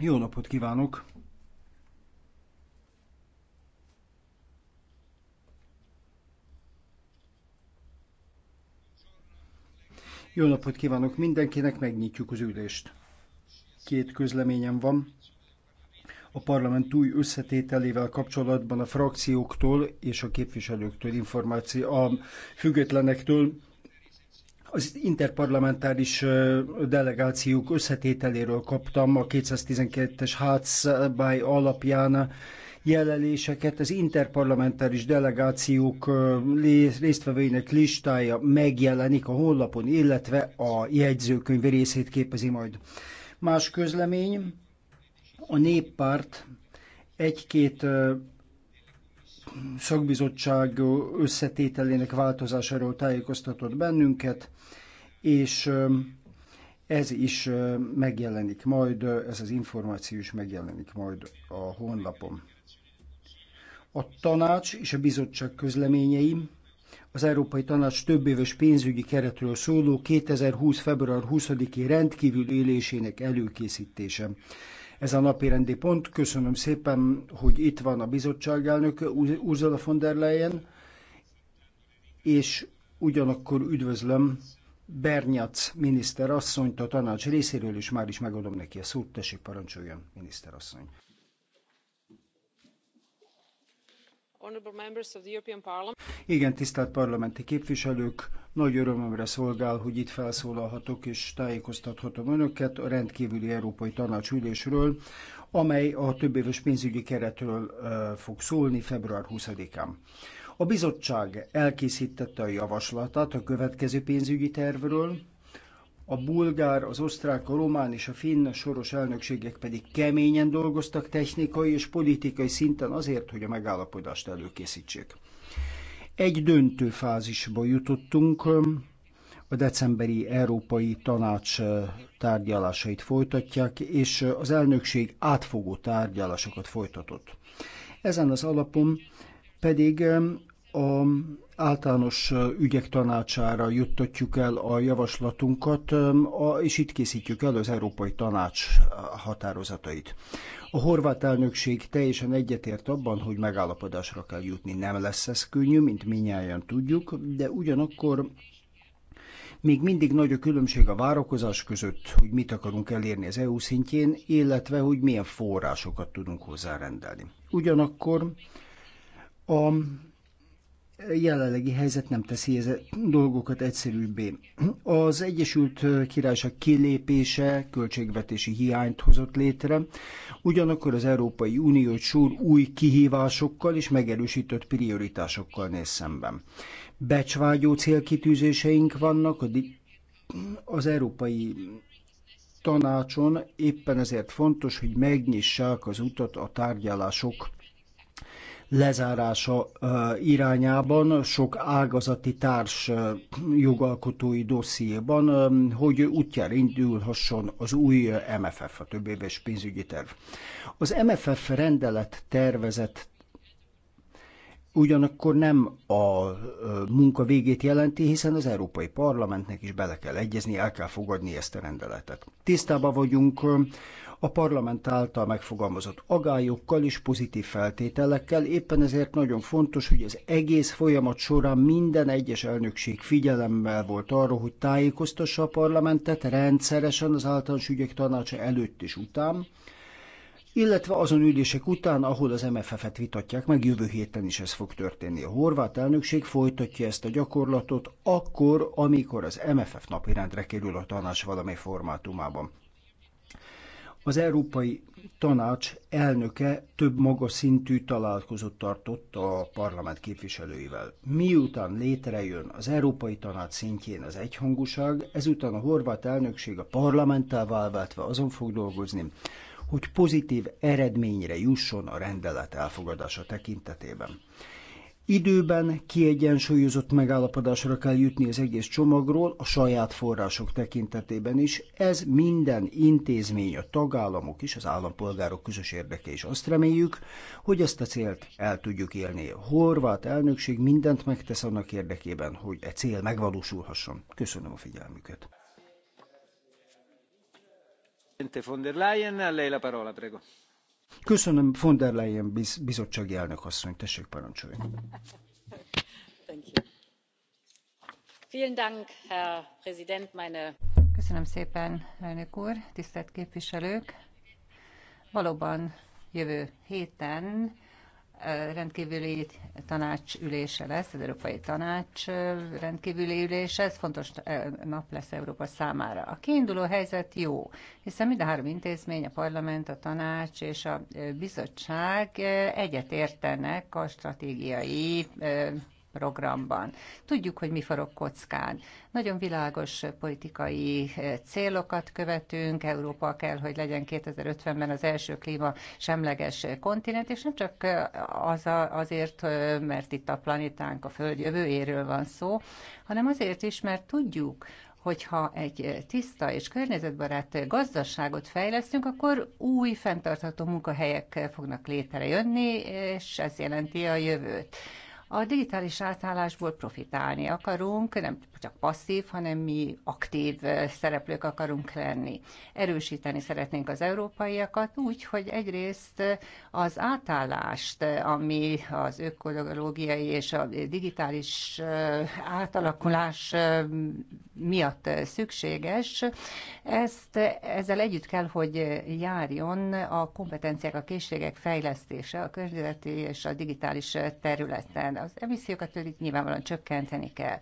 Jó napot kívánok! Jó napot kívánok mindenkinek, megnyitjuk az ülést. Két közleményem van. A parlament új összetételével kapcsolatban a frakcióktól és a képviselőktől információ, a függetlenektől az interparlamentáris delegációk összetételéről kaptam a 212-es hátszabály alapján jelöléseket. Az interparlamentáris delegációk résztvevőinek listája megjelenik a honlapon, illetve a jegyzőkönyv részét képezi majd. Más közlemény, a néppárt egy-két szakbizottság összetételének változásáról tájékoztatott bennünket, és ez is megjelenik majd, ez az információ is megjelenik majd a honlapon. A tanács és a bizottság közleményei az Európai Tanács többéves pénzügyi keretről szóló 2020. február 20-i rendkívül élésének előkészítése ez a napi rendi pont. Köszönöm szépen, hogy itt van a bizottság elnök Ursula von der Leyen, és ugyanakkor üdvözlöm Bernyac miniszterasszonyt a tanács részéről, és már is megadom neki a szót. Tessék, parancsoljon, miniszterasszony. Igen, tisztelt parlamenti képviselők, nagy örömömre szolgál, hogy itt felszólalhatok és tájékoztathatom önöket a rendkívüli Európai Tanács ülésről, amely a többéves pénzügyi keretről fog szólni február 20-án. A bizottság elkészítette a javaslatát a következő pénzügyi tervről, a bulgár, az osztrák, a román és a finn soros elnökségek pedig keményen dolgoztak technikai és politikai szinten azért, hogy a megállapodást előkészítsék. Egy döntő fázisba jutottunk, a decemberi Európai Tanács eh, tárgyalásait folytatják, és eh, az elnökség átfogó tárgyalásokat folytatott. Ezen az alapon pedig eh, a általános ügyek tanácsára juttatjuk el a javaslatunkat, és itt készítjük el az Európai Tanács határozatait. A horvát elnökség teljesen egyetért abban, hogy megállapodásra kell jutni. Nem lesz ez könnyű, mint minnyáján tudjuk, de ugyanakkor még mindig nagy a különbség a várakozás között, hogy mit akarunk elérni az EU szintjén, illetve hogy milyen forrásokat tudunk hozzárendelni. Ugyanakkor a jelenlegi helyzet nem teszi ez dolgokat egyszerűbbé. Az Egyesült Királyság kilépése költségvetési hiányt hozott létre, ugyanakkor az Európai Unió sor új kihívásokkal és megerősített prioritásokkal néz szemben. Becsvágyó célkitűzéseink vannak, az Európai Tanácson éppen ezért fontos, hogy megnyissák az utat a tárgyalások lezárása irányában, sok ágazati társ jogalkotói dossziéban, hogy útjára indulhasson az új MFF, a több éves pénzügyi terv. Az MFF rendelet tervezett ugyanakkor nem a munka végét jelenti, hiszen az Európai Parlamentnek is bele kell egyezni, el kell fogadni ezt a rendeletet. Tisztában vagyunk a parlament által megfogalmazott agályokkal és pozitív feltételekkel. Éppen ezért nagyon fontos, hogy az egész folyamat során minden egyes elnökség figyelemmel volt arra, hogy tájékoztassa a parlamentet rendszeresen az általános ügyek tanácsa előtt és után, illetve azon ülések után, ahol az MFF-et vitatják meg, jövő héten is ez fog történni. A horvát elnökség folytatja ezt a gyakorlatot akkor, amikor az MFF napirendre kerül a tanács valami formátumában. Az Európai Tanács elnöke több magas szintű találkozót tartott a parlament képviselőivel. Miután létrejön az Európai Tanács szintjén az egyhangúság, ezután a horvát elnökség a parlamenttel válváltva azon fog dolgozni, hogy pozitív eredményre jusson a rendelet elfogadása tekintetében. Időben kiegyensúlyozott megállapodásra kell jutni az egész csomagról a saját források tekintetében is. Ez minden intézmény, a tagállamok és az állampolgárok közös érdeke is. Azt reméljük, hogy ezt a célt el tudjuk élni. A horvát elnökség mindent megtesz annak érdekében, hogy e cél megvalósulhasson. Köszönöm a figyelmüket. Von der Leyen, lei la parola, prego. Köszönöm, von der Leyen biz, bizottsági elnök asszony, tessék parancsolni. Köszönöm szépen, elnök úr, tisztelt képviselők! Valóban jövő héten rendkívüli tanácsülése lesz, az Európai Tanács rendkívüli ülése, ez fontos nap lesz Európa számára. A kiinduló helyzet jó, hiszen mind a három intézmény, a parlament, a tanács és a bizottság egyetértenek a stratégiai programban. Tudjuk, hogy mi forog kockán. Nagyon világos politikai eh, célokat követünk, Európa kell, hogy legyen 2050-ben az első klíma semleges kontinent, és nem csak eh, az a, azért, eh, mert itt a planétánk, a Föld jövőjéről van szó, hanem azért is, mert tudjuk, hogyha egy tiszta és környezetbarát gazdaságot fejlesztünk, akkor új fenntartható munkahelyek fognak létrejönni, és ez jelenti a jövőt. A digitális átállásból profitálni akarunk, nem csak passzív, hanem mi aktív eh, szereplők akarunk lenni. Erősíteni szeretnénk az európaiakat úgy, hogy egyrészt eh, az átállást, eh, ami az ökológiai és a digitális átalakulás miatt szükséges, ezt, ezzel együtt kell, hogy járjon a kompetenciák, a készségek fejlesztése a környezeti és a digitális területen. Az emissziókat pedig nyilvánvalóan csökkenteni kell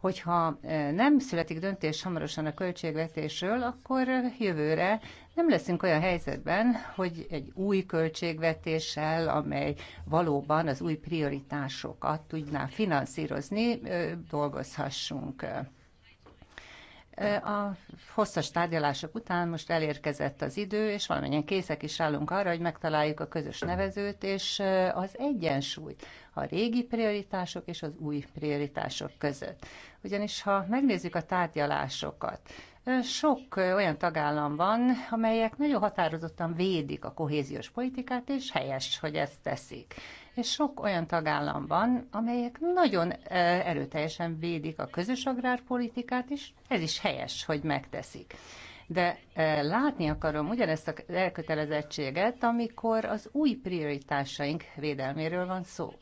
hogyha e, nem születik döntés hamarosan a költségvetésről, akkor jövőre nem leszünk olyan helyzetben, hogy egy új költségvetéssel, amely valóban az új prioritásokat tudná finanszírozni, e, dolgozhassunk. A hosszas tárgyalások után most elérkezett az idő, és valamennyien készek is állunk arra, hogy megtaláljuk a közös nevezőt és az egyensúlyt a régi prioritások és az új prioritások között. Ugyanis ha megnézzük a tárgyalásokat, sok olyan tagállam van, amelyek nagyon határozottan védik a kohéziós politikát, és helyes, hogy ezt teszik és sok olyan tagállam van, amelyek nagyon erőteljesen védik a közös agrárpolitikát, és ez is helyes, hogy megteszik de látni akarom ugyanezt az elkötelezettséget, amikor az új prioritásaink védelméről van szó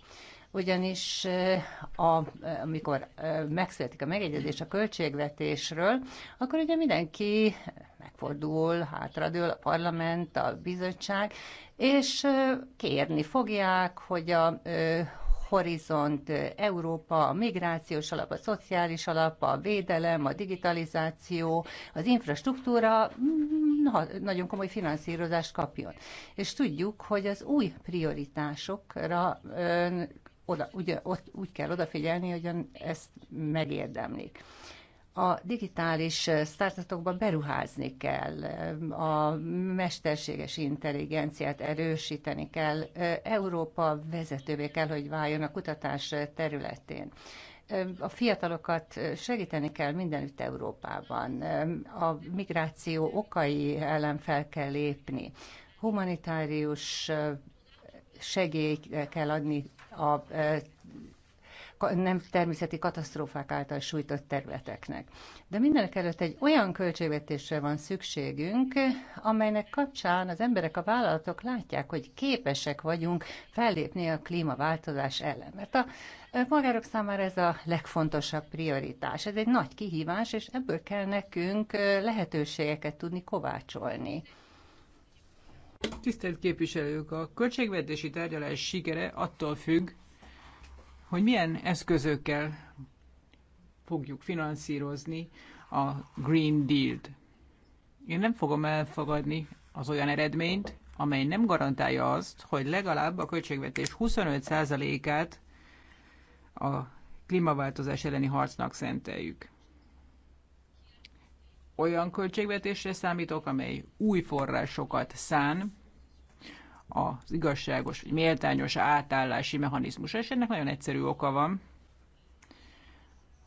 ugyanis eh, a, amikor eh, megszületik a megegyezés a költségvetésről, akkor ugye mindenki megfordul, hátradől a parlament, a bizottság, és eh, kérni fogják, hogy a Horizont Európa, a migrációs alap, a szociális alap, a védelem, a digitalizáció, az infrastruktúra mm, nagyon komoly finanszírozást kapjon. És tudjuk, hogy az új prioritásokra oda, ugye, ott úgy kell odafigyelni, hogy ezt megérdemlik. A digitális startupokba beruházni kell, a mesterséges intelligenciát erősíteni kell, Európa vezetővé kell, hogy váljon a kutatás területén a fiatalokat segíteni kell mindenütt Európában. A migráció okai ellen fel kell lépni. Humanitárius segély kell adni a e, nem természeti katasztrófák által sújtott területeknek. De mindenek előtt egy olyan költségvetésre van szükségünk, amelynek kapcsán az emberek, a vállalatok látják, hogy képesek vagyunk fellépni a klímaváltozás ellen. Mert a e, polgárok számára ez a legfontosabb prioritás. Ez egy nagy kihívás, és ebből kell nekünk e, lehetőségeket tudni kovácsolni. Tisztelt képviselők, a költségvetési tárgyalás sikere attól függ, hogy milyen eszközökkel fogjuk finanszírozni a Green Deal-t. Én nem fogom elfogadni az olyan eredményt, amely nem garantálja azt, hogy legalább a költségvetés 25%-át a klímaváltozás elleni harcnak szenteljük olyan költségvetésre számítok, amely új forrásokat szán az igazságos vagy méltányos átállási mechanizmus. És ennek nagyon egyszerű oka van,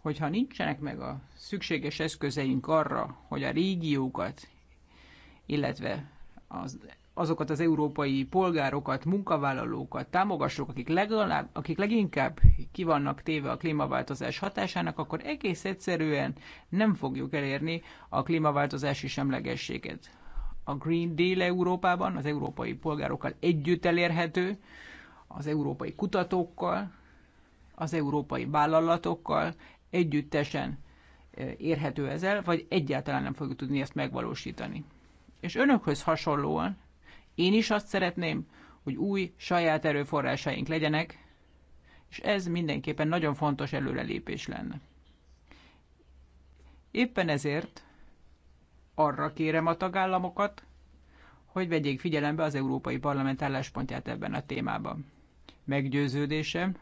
hogyha nincsenek meg a szükséges eszközeink arra, hogy a régiókat, illetve az azokat az európai polgárokat, munkavállalókat támogassuk, akik, legalább, akik leginkább kivannak téve a klímaváltozás hatásának, akkor egész egyszerűen nem fogjuk elérni a klímaváltozási semlegességet. A Green Deal Európában az európai polgárokkal együtt elérhető, az európai kutatókkal, az európai vállalatokkal együttesen eh, érhető ezzel, vagy egyáltalán nem fogjuk tudni ezt megvalósítani. És önökhöz hasonlóan én is azt szeretném, hogy új saját erőforrásaink legyenek, és ez mindenképpen nagyon fontos előrelépés lenne. Éppen ezért arra kérem a tagállamokat, hogy vegyék figyelembe az Európai Parlament álláspontját ebben a témában. Meggyőződésem,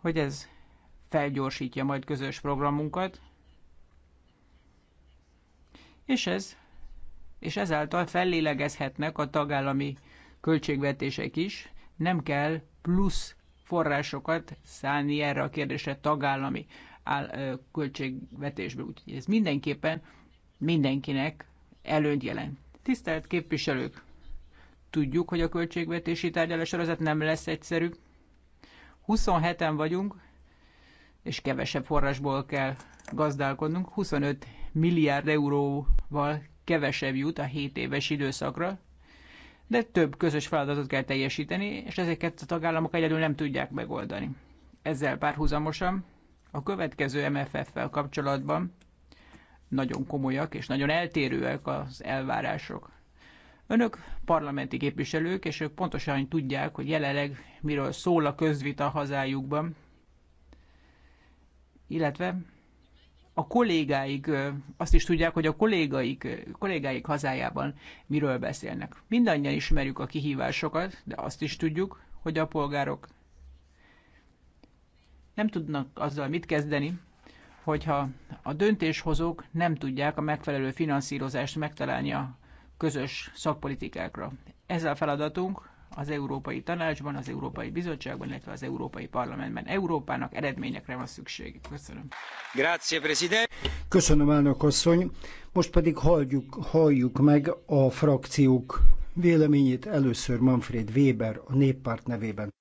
hogy ez felgyorsítja majd közös programunkat, és ez és ezáltal fellélegezhetnek a tagállami költségvetések is. Nem kell plusz forrásokat szállni erre a kérdésre tagállami áll, költségvetésből. Úgyhogy ez mindenképpen mindenkinek előnyt jelent. Tisztelt képviselők! Tudjuk, hogy a költségvetési tárgyalás sorozat nem lesz egyszerű. 27-en vagyunk, és kevesebb forrásból kell gazdálkodnunk. 25 milliárd euróval kevesebb jut a 7 éves időszakra, de több közös feladatot kell teljesíteni, és ezeket a tagállamok egyedül nem tudják megoldani. Ezzel párhuzamosan a következő MFF-fel kapcsolatban nagyon komolyak és nagyon eltérőek az elvárások. Önök parlamenti képviselők, és ők pontosan tudják, hogy jelenleg miről szól a közvita hazájukban, illetve a kollégáik azt is tudják, hogy a kollégaik, kollégáik hazájában miről beszélnek. Mindannyian ismerjük a kihívásokat, de azt is tudjuk, hogy a polgárok nem tudnak azzal mit kezdeni, hogyha a döntéshozók nem tudják a megfelelő finanszírozást megtalálni a közös szakpolitikákra. Ez a feladatunk, az Európai Tanácsban, az Európai Bizottságban, illetve az Európai Parlamentben. Európának eredményekre van szükség. Köszönöm. Grazie, Presidente. Köszönöm, elnök asszony. Most pedig halljuk, halljuk meg a frakciók véleményét. Először Manfred Weber a néppárt nevében.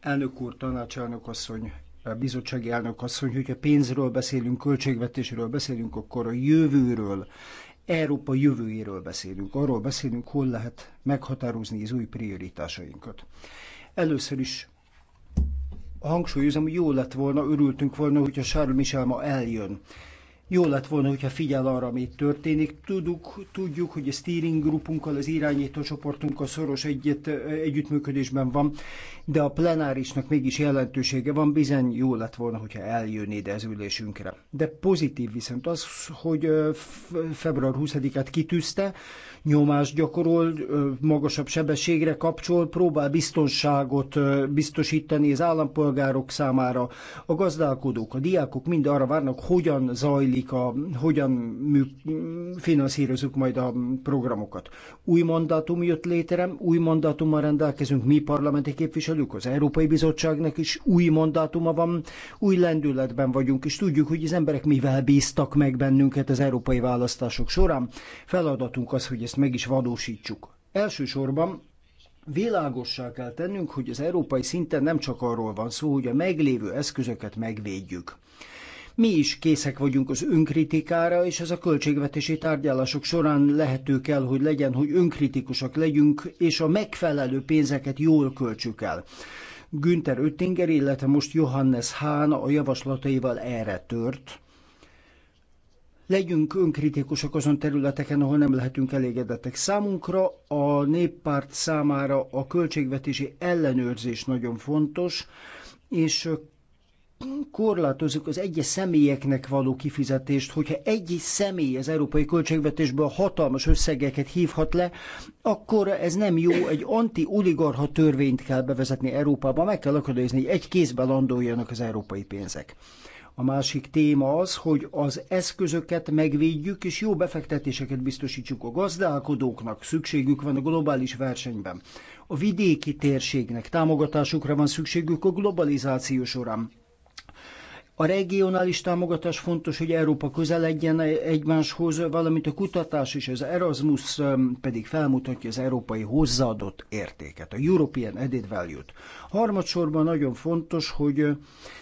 Elnök úr, tanácselnök asszony, a bizottsági elnök asszony, hogyha pénzről beszélünk, költségvetésről beszélünk, akkor a jövőről Európa jövőjéről beszélünk, arról beszélünk, hol lehet meghatározni az új prioritásainkat. Először is hangsúlyozom, hogy jó lett volna, örültünk volna, hogyha Charles Michel ma eljön jó lett volna, hogyha figyel arra, ami itt történik. Tudjuk, tudjuk, hogy a steering grupunkkal, az irányító csoportunkkal szoros egyet, együttműködésben van, de a plenárisnak mégis jelentősége van, bizony jó lett volna, hogyha eljön ide az ülésünkre. De pozitív viszont az, hogy február 20-át kitűzte, nyomást gyakorol, magasabb sebességre kapcsol, próbál biztonságot biztosítani az állampolgárok számára. A gazdálkodók, a diákok mind arra várnak, hogyan zajlik, a, hogyan mű, finanszírozunk majd a programokat. Új mandátum jött létre, új mandátummal rendelkezünk mi parlamenti képviselők, az Európai Bizottságnak is új mandátuma van, új lendületben vagyunk, és tudjuk, hogy az emberek mivel bíztak meg bennünket az európai választások során. Feladatunk az, hogy ezt meg is valósítsuk. Elsősorban világossá kell tennünk, hogy az európai szinten nem csak arról van szó, hogy a meglévő eszközöket megvédjük. Mi is készek vagyunk az önkritikára, és ez a költségvetési tárgyalások során lehető kell, hogy legyen, hogy önkritikusak legyünk, és a megfelelő pénzeket jól költsük el. Günther Oettinger, illetve most Johannes Hahn a javaslataival erre tört, legyünk önkritikusok azon területeken, ahol nem lehetünk elégedettek. Számunkra, a néppárt számára a költségvetési ellenőrzés nagyon fontos, és korlátozik az egyes személyeknek való kifizetést, hogyha egy személy az európai költségvetésből hatalmas összegeket hívhat le, akkor ez nem jó, egy anti-oligarha törvényt kell bevezetni Európába, meg kell akadályozni, hogy egy kézbe landoljanak az európai pénzek. A másik téma az, hogy az eszközöket megvédjük, és jó befektetéseket biztosítsuk a gazdálkodóknak, szükségük van a globális versenyben. A vidéki térségnek támogatásukra van szükségük a globalizáció során. A regionális támogatás fontos, hogy Európa közeledjen egymáshoz, valamint a kutatás és az Erasmus um, pedig felmutatja az európai hozzáadott értéket, a European Added Value-t. Harmadsorban nagyon fontos, hogy uh,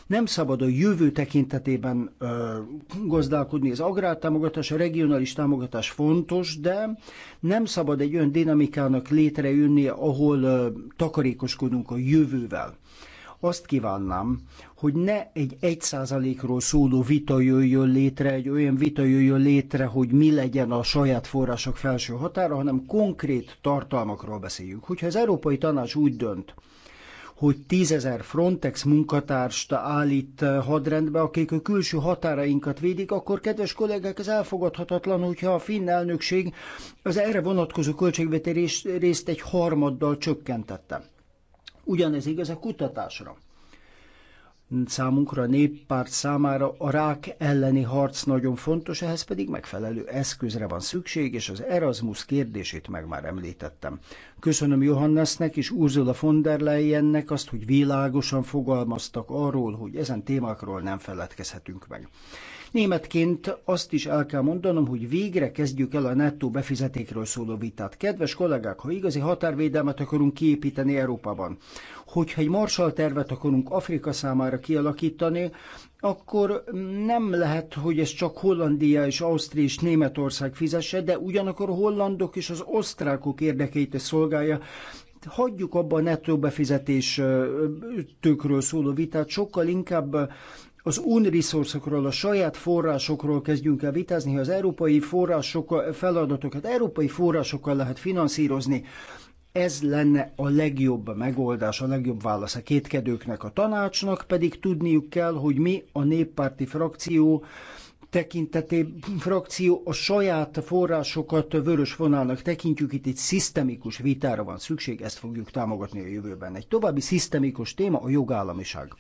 nem szabad a jövő tekintetében ö, uh, gazdálkodni. Az agrártámogatás, a regionális támogatás fontos, de nem szabad egy olyan dinamikának létrejönni, ahol ö, uh, takarékoskodunk a jövővel. Azt kívánnám, hogy ne egy egy százalékról szóló vita jöjjön létre, egy olyan vita jöjjön létre, hogy mi legyen a saját források felső határa, hanem konkrét tartalmakról beszéljünk. Hogyha az Európai Tanács úgy dönt, hogy tízezer Frontex munkatárst állít eh, hadrendbe, akik a külső határainkat védik, akkor kedves kollégák, ez elfogadhatatlan, hogyha a finn elnökség az erre vonatkozó költségvetés részt egy harmaddal csökkentette. Ugyanez igaz a kutatásra. Számunkra, a néppárt számára a rák elleni harc nagyon fontos, ehhez pedig megfelelő eszközre van szükség, és az Erasmus kérdését meg már említettem. Köszönöm Johannesnek és Ursula von der Leyennek azt, hogy világosan fogalmaztak arról, hogy ezen témákról nem feledkezhetünk meg. Németként azt is el kell mondanom, hogy végre kezdjük el a nettó befizetékről szóló vitát. Kedves kollégák, ha igazi határvédelmet akarunk kiépíteni Európában, hogyha egy marsal tervet akarunk Afrika számára kialakítani, akkor nem lehet, hogy ez csak Hollandia és Ausztria és Németország fizesse, de ugyanakkor a hollandok és az osztrákok érdekeit szolgálja. Hagyjuk abba a nettó befizetés tőkről szóló vitát, sokkal inkább az unresourcokról, a saját forrásokról kezdjünk el vitázni, hogy az európai források feladatokat európai forrásokkal lehet finanszírozni. Ez lenne a legjobb megoldás, a legjobb válasz a kétkedőknek, a tanácsnak pedig tudniuk kell, hogy mi a néppárti frakció tekinteté frakció a saját forrásokat vörös vonalnak tekintjük, itt egy szisztemikus vitára van szükség, ezt fogjuk támogatni a jövőben. Egy további szisztemikus téma a jogállamiság.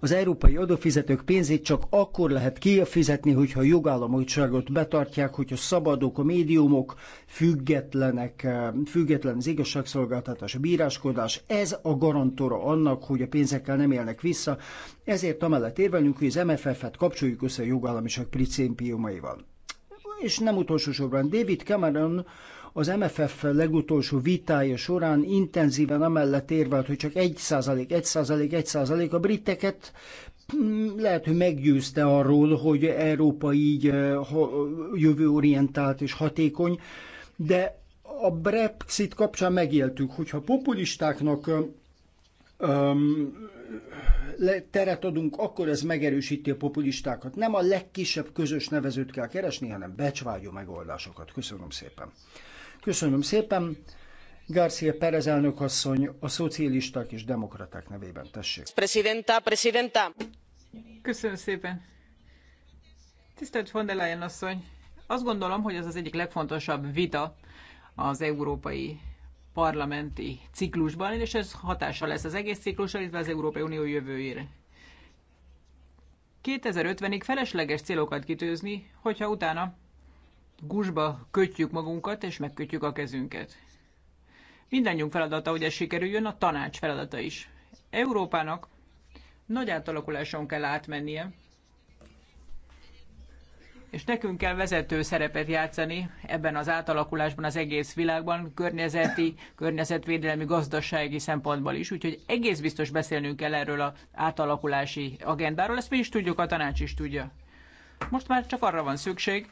Az európai adófizetők pénzét csak akkor lehet kifizetni, hogyha a jogállamoságot betartják, hogyha szabadok a médiumok, függetlenek, eh, független az igazságszolgáltatás, a bíráskodás. Ez a garantora annak, hogy a pénzekkel nem élnek vissza. Ezért amellett érvelünk, hogy az MFF-et kapcsoljuk össze a jogállamiság principiumaival. És nem utolsó sorban David Cameron az MFF legutolsó vitája során intenzíven amellett érvelt, hogy csak 1 százalék, 1 százalék, 1 százalék a briteket mm, lehet, hogy meggyőzte arról, hogy Európa így eh, jövőorientált és hatékony, de a Brexit kapcsán megéltük, hogyha populistáknak öm, eh, teret adunk, akkor ez megerősíti a populistákat. Nem a legkisebb közös nevezőt kell keresni, hanem becsvágyó megoldásokat. Köszönöm szépen. Köszönöm szépen. García Pérez elnök asszony a szocialisták és demokraták nevében tessék. Presidenta, presidenta. Köszönöm szépen. Tisztelt von der Leyen asszony, azt gondolom, hogy az az egyik legfontosabb vita az európai parlamenti ciklusban, és ez hatása lesz az egész ciklusra, illetve az Európai Unió jövőjére. 2050-ig felesleges célokat kitőzni, hogyha utána gusba kötjük magunkat, és megkötjük a kezünket. Mindennyiunk feladata, hogy ez sikerüljön, a tanács feladata is. Európának nagy átalakuláson kell átmennie, és nekünk kell vezető szerepet játszani ebben az átalakulásban az egész világban, környezeti, környezetvédelmi, gazdasági szempontból is. Úgyhogy egész biztos beszélnünk kell erről az átalakulási agendáról, ezt mi is tudjuk, a tanács is tudja. Most már csak arra van szükség,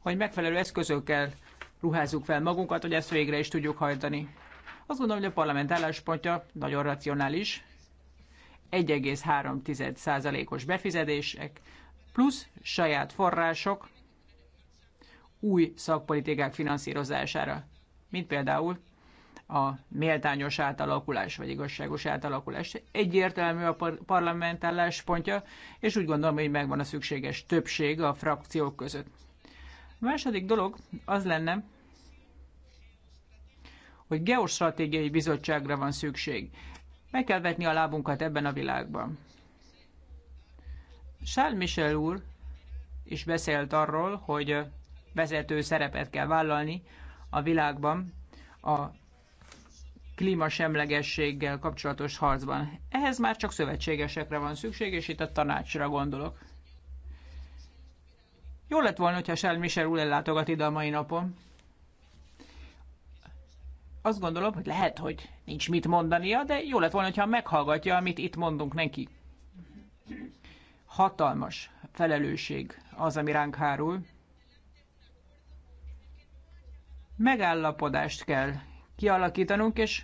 hogy megfelelő eszközökkel ruházzuk fel magunkat, hogy ezt végre is tudjuk hajtani. Azt gondolom, hogy a parlament álláspontja nagyon racionális. 1,3%-os befizetések, plusz saját források új szakpolitikák finanszírozására, mint például a méltányos átalakulás, vagy igazságos átalakulás. Egyértelmű a par- parlament álláspontja, és úgy gondolom, hogy megvan a szükséges többség a frakciók között. A második dolog az lenne, hogy geostratégiai bizottságra van szükség. Meg kell vetni a lábunkat ebben a világban. Charles Michel úr is beszélt arról, hogy vezető szerepet kell vállalni a világban a klímasemlegességgel kapcsolatos harcban. Ehhez már csak szövetségesekre van szükség, és itt a tanácsra gondolok. Jó lett volna, hogyha Charles Michel úr ellátogat ide a mai napon. Azt gondolom, hogy lehet, hogy nincs mit mondania, de jó lett volna, hogyha meghallgatja, amit itt mondunk neki. Hatalmas felelősség az, ami ránk hárul. Megállapodást kell kialakítanunk, és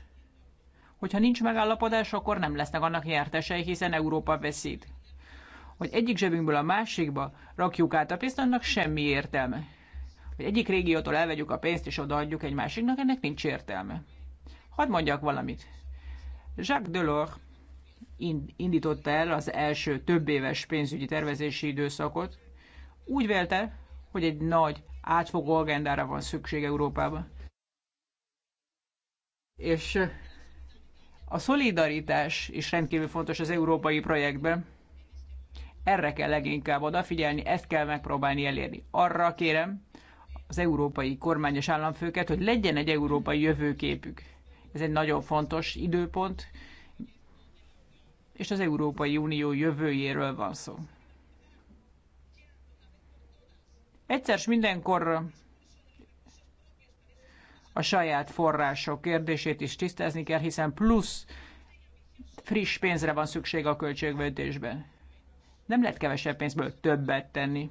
hogyha nincs megállapodás, akkor nem lesznek annak nyertesei, hiszen Európa veszít hogy egyik zsebünkből a másikba rakjuk át a pénzt, annak semmi értelme. Hogy egyik régiótól elvegyük a pénzt és odaadjuk egy másiknak, ennek nincs értelme. Hadd mondjak valamit. Jacques Delors indította el az első több éves pénzügyi tervezési időszakot. Úgy vélte, hogy egy nagy, átfogó agendára van szükség Európában. És a szolidaritás is rendkívül fontos az európai projektben. Erre kell leginkább odafigyelni, ezt kell megpróbálni elérni. Arra kérem az európai kormányos államfőket, hogy legyen egy európai jövőképük. Ez egy nagyon fontos időpont, és az Európai Unió jövőjéről van szó. Egyszer mindenkor a saját források kérdését is tisztázni kell, hiszen plusz friss pénzre van szükség a költségvetésben. Nem lehet kevesebb pénzből többet tenni.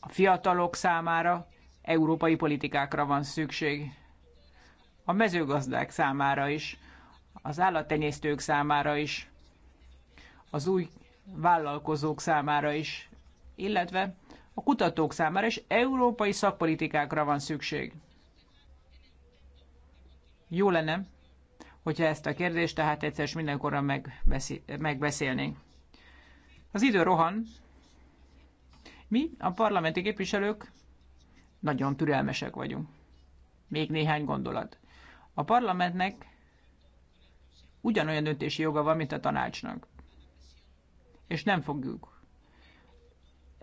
A fiatalok számára európai politikákra van szükség. A mezőgazdák számára is, az állattenyésztők számára is, az új vállalkozók számára is, illetve a kutatók számára is európai szakpolitikákra van szükség. Jó lenne, hogyha ezt a kérdést tehát egyszer és mindenkorra megbeszél, megbeszélnénk. Az idő rohan. Mi, a parlamenti képviselők, nagyon türelmesek vagyunk. Még néhány gondolat. A parlamentnek ugyanolyan döntési joga van, mint a tanácsnak. És nem fogjuk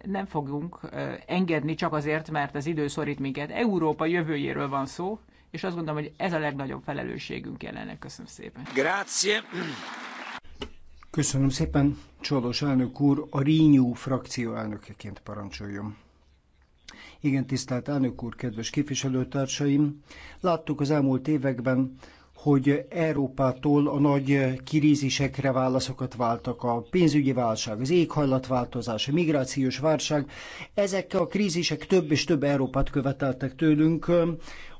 nem fogunk engedni csak azért, mert az idő szorít minket. Európa jövőjéről van szó, és azt gondolom, hogy ez a legnagyobb felelősségünk jelenleg. Köszönöm szépen. Grazie. Köszönöm szépen, Csolos elnök úr, a Rínyú frakció elnökeként parancsoljon. Igen, tisztelt elnök úr, kedves képviselőtársaim! Láttuk az elmúlt években, hogy Európától a nagy krízisekre válaszokat váltak a pénzügyi válság, az éghajlatváltozás, a migrációs válság. Ezek a krízisek több és több Európát követeltek tőlünk,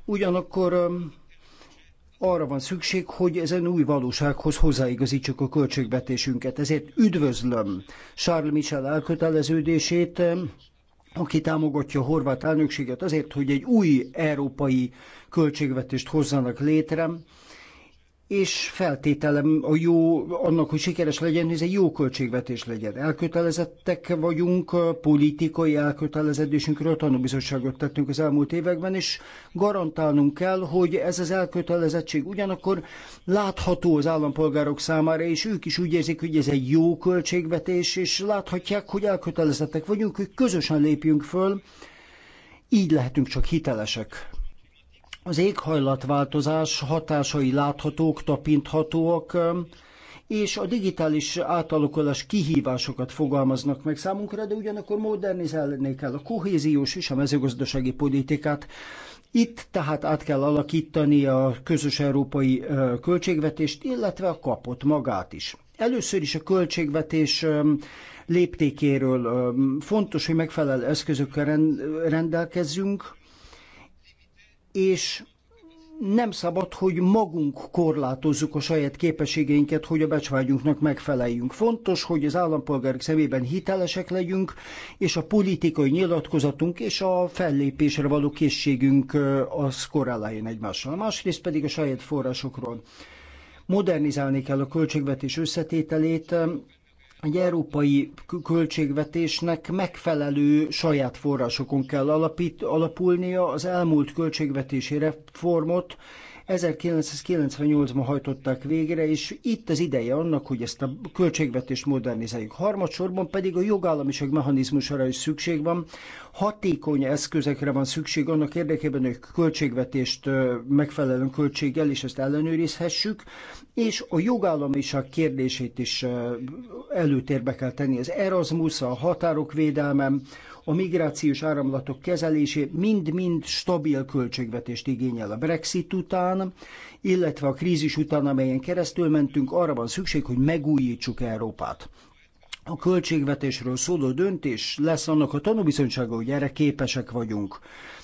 Ugyanakkor arra van szükség, hogy ezen új valósághoz hozzáigazítsuk a költségvetésünket. Ezért üdvözlöm Charles Michel elköteleződését, aki támogatja a horvát elnökséget azért, hogy egy új európai költségvetést hozzanak létre, és feltételem a jó, annak, hogy sikeres legyen, hogy ez egy jó költségvetés legyen. Elkötelezettek vagyunk, politikai elkötelezedésünkről tanúbizottságot tettünk az elmúlt években, és garantálnunk kell, hogy ez az elkötelezettség ugyanakkor látható az állampolgárok számára, és ők is úgy érzik, hogy ez egy jó költségvetés, és láthatják, hogy elkötelezettek vagyunk, hogy közösen lépjünk föl, így lehetünk csak hitelesek az éghajlatváltozás hatásai láthatók, tapinthatóak, és a digitális átalakulás kihívásokat fogalmaznak meg számunkra, de ugyanakkor modernizálni kell a kohéziós és a mezőgazdasági politikát. Itt tehát át kell alakítani a közös európai költségvetést, illetve a kapott magát is. Először is a költségvetés léptékéről fontos, hogy megfelelő eszközökkel rendelkezzünk, és nem szabad, hogy magunk korlátozzuk a saját képességeinket, hogy a becsvágyunknak megfeleljünk. Fontos, hogy az állampolgárok szemében hitelesek legyünk, és a politikai nyilatkozatunk és a fellépésre való készségünk az korreláljon egymással. Másrészt pedig a saját forrásokról modernizálni kell a költségvetés összetételét, egy európai költségvetésnek megfelelő saját forrásokon kell alapít, alapulnia. Az elmúlt költségvetési reformot 1998-ban hajtották végre, és itt az ideje annak, hogy ezt a költségvetést modernizáljuk. Harmadsorban pedig a jogállamiság mechanizmusára is szükség van. Hatékony eszközekre van szükség annak érdekében, hogy költségvetést megfelelően költséggel, és ezt ellenőrizhessük, és a jogállamiság kérdését is előtérbe kell tenni. Az Erasmus, a határok védelmem, a migrációs áramlatok kezelésé mind-mind stabil költségvetést igényel a Brexit után, illetve a krízis után, amelyen keresztül mentünk, arra van szükség, hogy megújítsuk Európát a költségvetésről szóló döntés lesz annak a tanúbizonysága, hogy erre képesek vagyunk.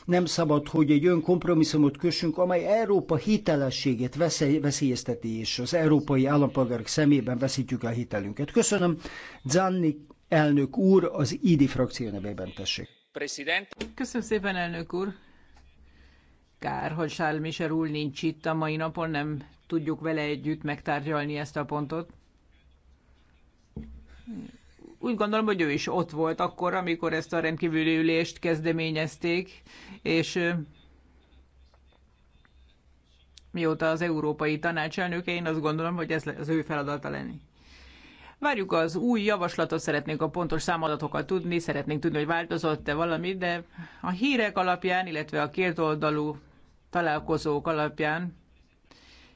Nem szabad, hogy egy olyan kompromisszumot kössünk, amely Európa hitelességét veszélyezteti, és az európai állampolgárok szemében veszítjük el hitelünket. Köszönöm. Zanni elnök úr az IDI frakció nevében tessék. President. Köszönöm szépen, elnök úr. Kár, hogy Charles Michel úr nincs itt a mai napon, nem tudjuk vele együtt megtárgyalni ezt a pontot úgy gondolom, hogy ő is ott volt akkor, amikor ezt a rendkívüli ülést kezdeményezték, és mióta az Európai Tanács elnöke, én azt gondolom, hogy ez az ő feladata lenni. Várjuk az új javaslatot, szeretnénk a pontos számadatokat tudni, szeretnénk tudni, hogy változott-e valami, de a hírek alapján, illetve a kétoldalú találkozók alapján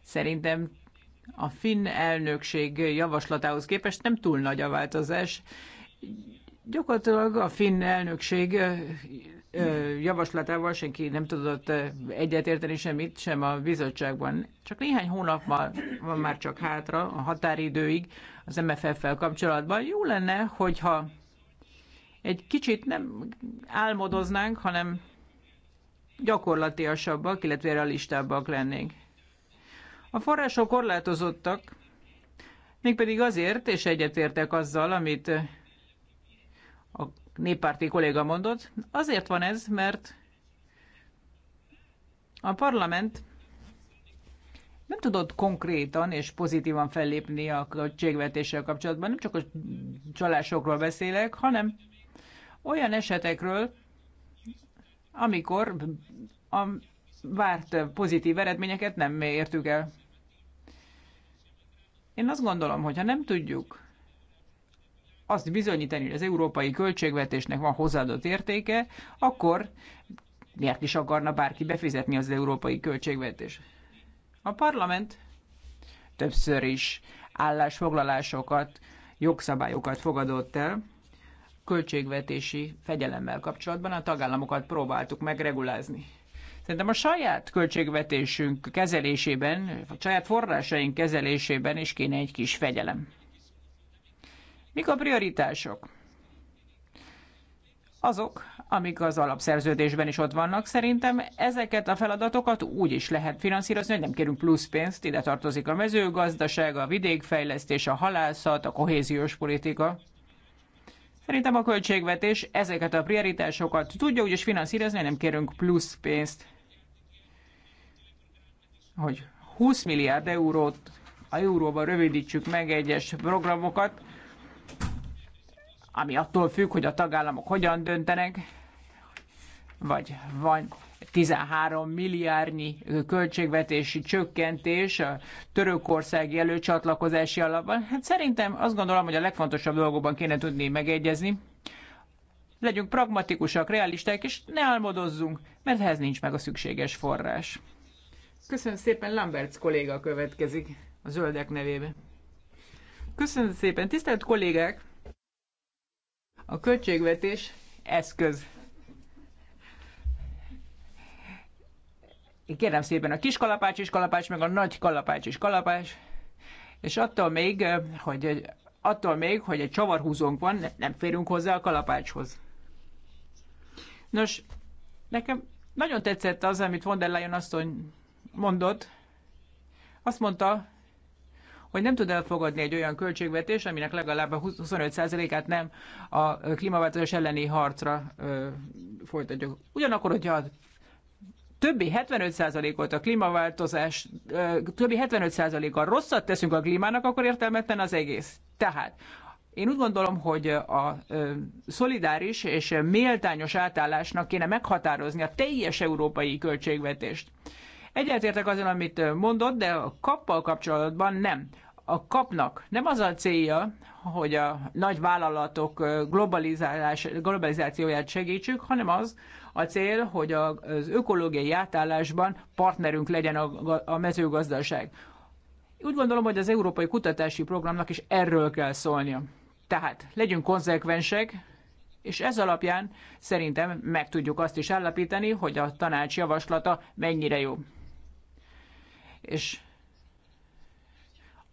szerintem a finn elnökség javaslatához képest nem túl nagy a változás. Gyakorlatilag a finn elnökség javaslatával senki nem tudott egyetérteni semmit, sem a bizottságban. Csak néhány hónap van már csak hátra a határidőig az MFF-fel kapcsolatban. Jó lenne, hogyha egy kicsit nem álmodoznánk, hanem gyakorlatiasabbak, illetve realistábbak lennénk. A források korlátozottak, mégpedig azért, és egyetértek azzal, amit a néppárti kolléga mondott, azért van ez, mert a parlament nem tudott konkrétan és pozitívan fellépni a költségvetéssel kapcsolatban. Nem csak a csalásokról beszélek, hanem olyan esetekről, amikor a várt pozitív eredményeket nem értük el. Én azt gondolom, hogy ha nem tudjuk azt bizonyítani, hogy az európai költségvetésnek van hozzáadott értéke, akkor miért is akarna bárki befizetni az európai költségvetés? A parlament többször is állásfoglalásokat, jogszabályokat fogadott el, költségvetési fegyelemmel kapcsolatban a tagállamokat próbáltuk megregulázni. Szerintem a saját költségvetésünk kezelésében, vagy saját forrásaink kezelésében is kéne egy kis fegyelem. Mik a prioritások? Azok, amik az alapszerződésben is ott vannak, szerintem ezeket a feladatokat úgy is lehet finanszírozni, hogy nem kérünk plusz pénzt, ide tartozik a mezőgazdaság, a vidékfejlesztés, a halászat, a kohéziós politika. Szerintem a költségvetés ezeket a prioritásokat tudja úgyis finanszírozni, nem kérünk plusz pénzt hogy 20 milliárd eurót a euróba rövidítsük meg egyes programokat, ami attól függ, hogy a tagállamok hogyan döntenek, vagy van 13 milliárdnyi költségvetési csökkentés a törökországi előcsatlakozási alapban. Hát szerintem azt gondolom, hogy a legfontosabb dolgokban kéne tudni megegyezni. Legyünk pragmatikusak, realisták, és ne álmodozzunk, mert ehhez nincs meg a szükséges forrás. Köszönöm szépen, Lamberts kolléga következik a zöldek nevében. Köszönöm szépen, tisztelt kollégák! A költségvetés eszköz. Kérem szépen, a kis kalapács és kalapács, meg a nagy kalapács és kalapács, és attól még, hogy egy attól még, hogy egy csavarhúzónk van, nem férünk hozzá a kalapácshoz. Nos, nekem nagyon tetszett az, amit von der Leyen asszony mondott, azt mondta, hogy nem tud elfogadni egy olyan költségvetés, aminek legalább a 25%-át nem a klímaváltozás elleni harcra ö, folytatjuk. Ugyanakkor, hogyha többi 75%-ot a klímaváltozás, ö, többi 75%-kal rosszat teszünk a klímának, akkor értelmetlen az egész. Tehát én úgy gondolom, hogy a szolidáris és méltányos átállásnak kéne meghatározni a teljes európai költségvetést. Egyetértek azon, amit mondott, de a kappal kapcsolatban nem. A kapnak nem az a célja, hogy a nagy vállalatok globalizálás, globalizációját segítsük, hanem az a cél, hogy az ökológiai átállásban partnerünk legyen a mezőgazdaság. Úgy gondolom, hogy az Európai Kutatási Programnak is erről kell szólnia. Tehát legyünk konzekvensek, és ez alapján szerintem meg tudjuk azt is állapítani, hogy a tanács javaslata mennyire jó és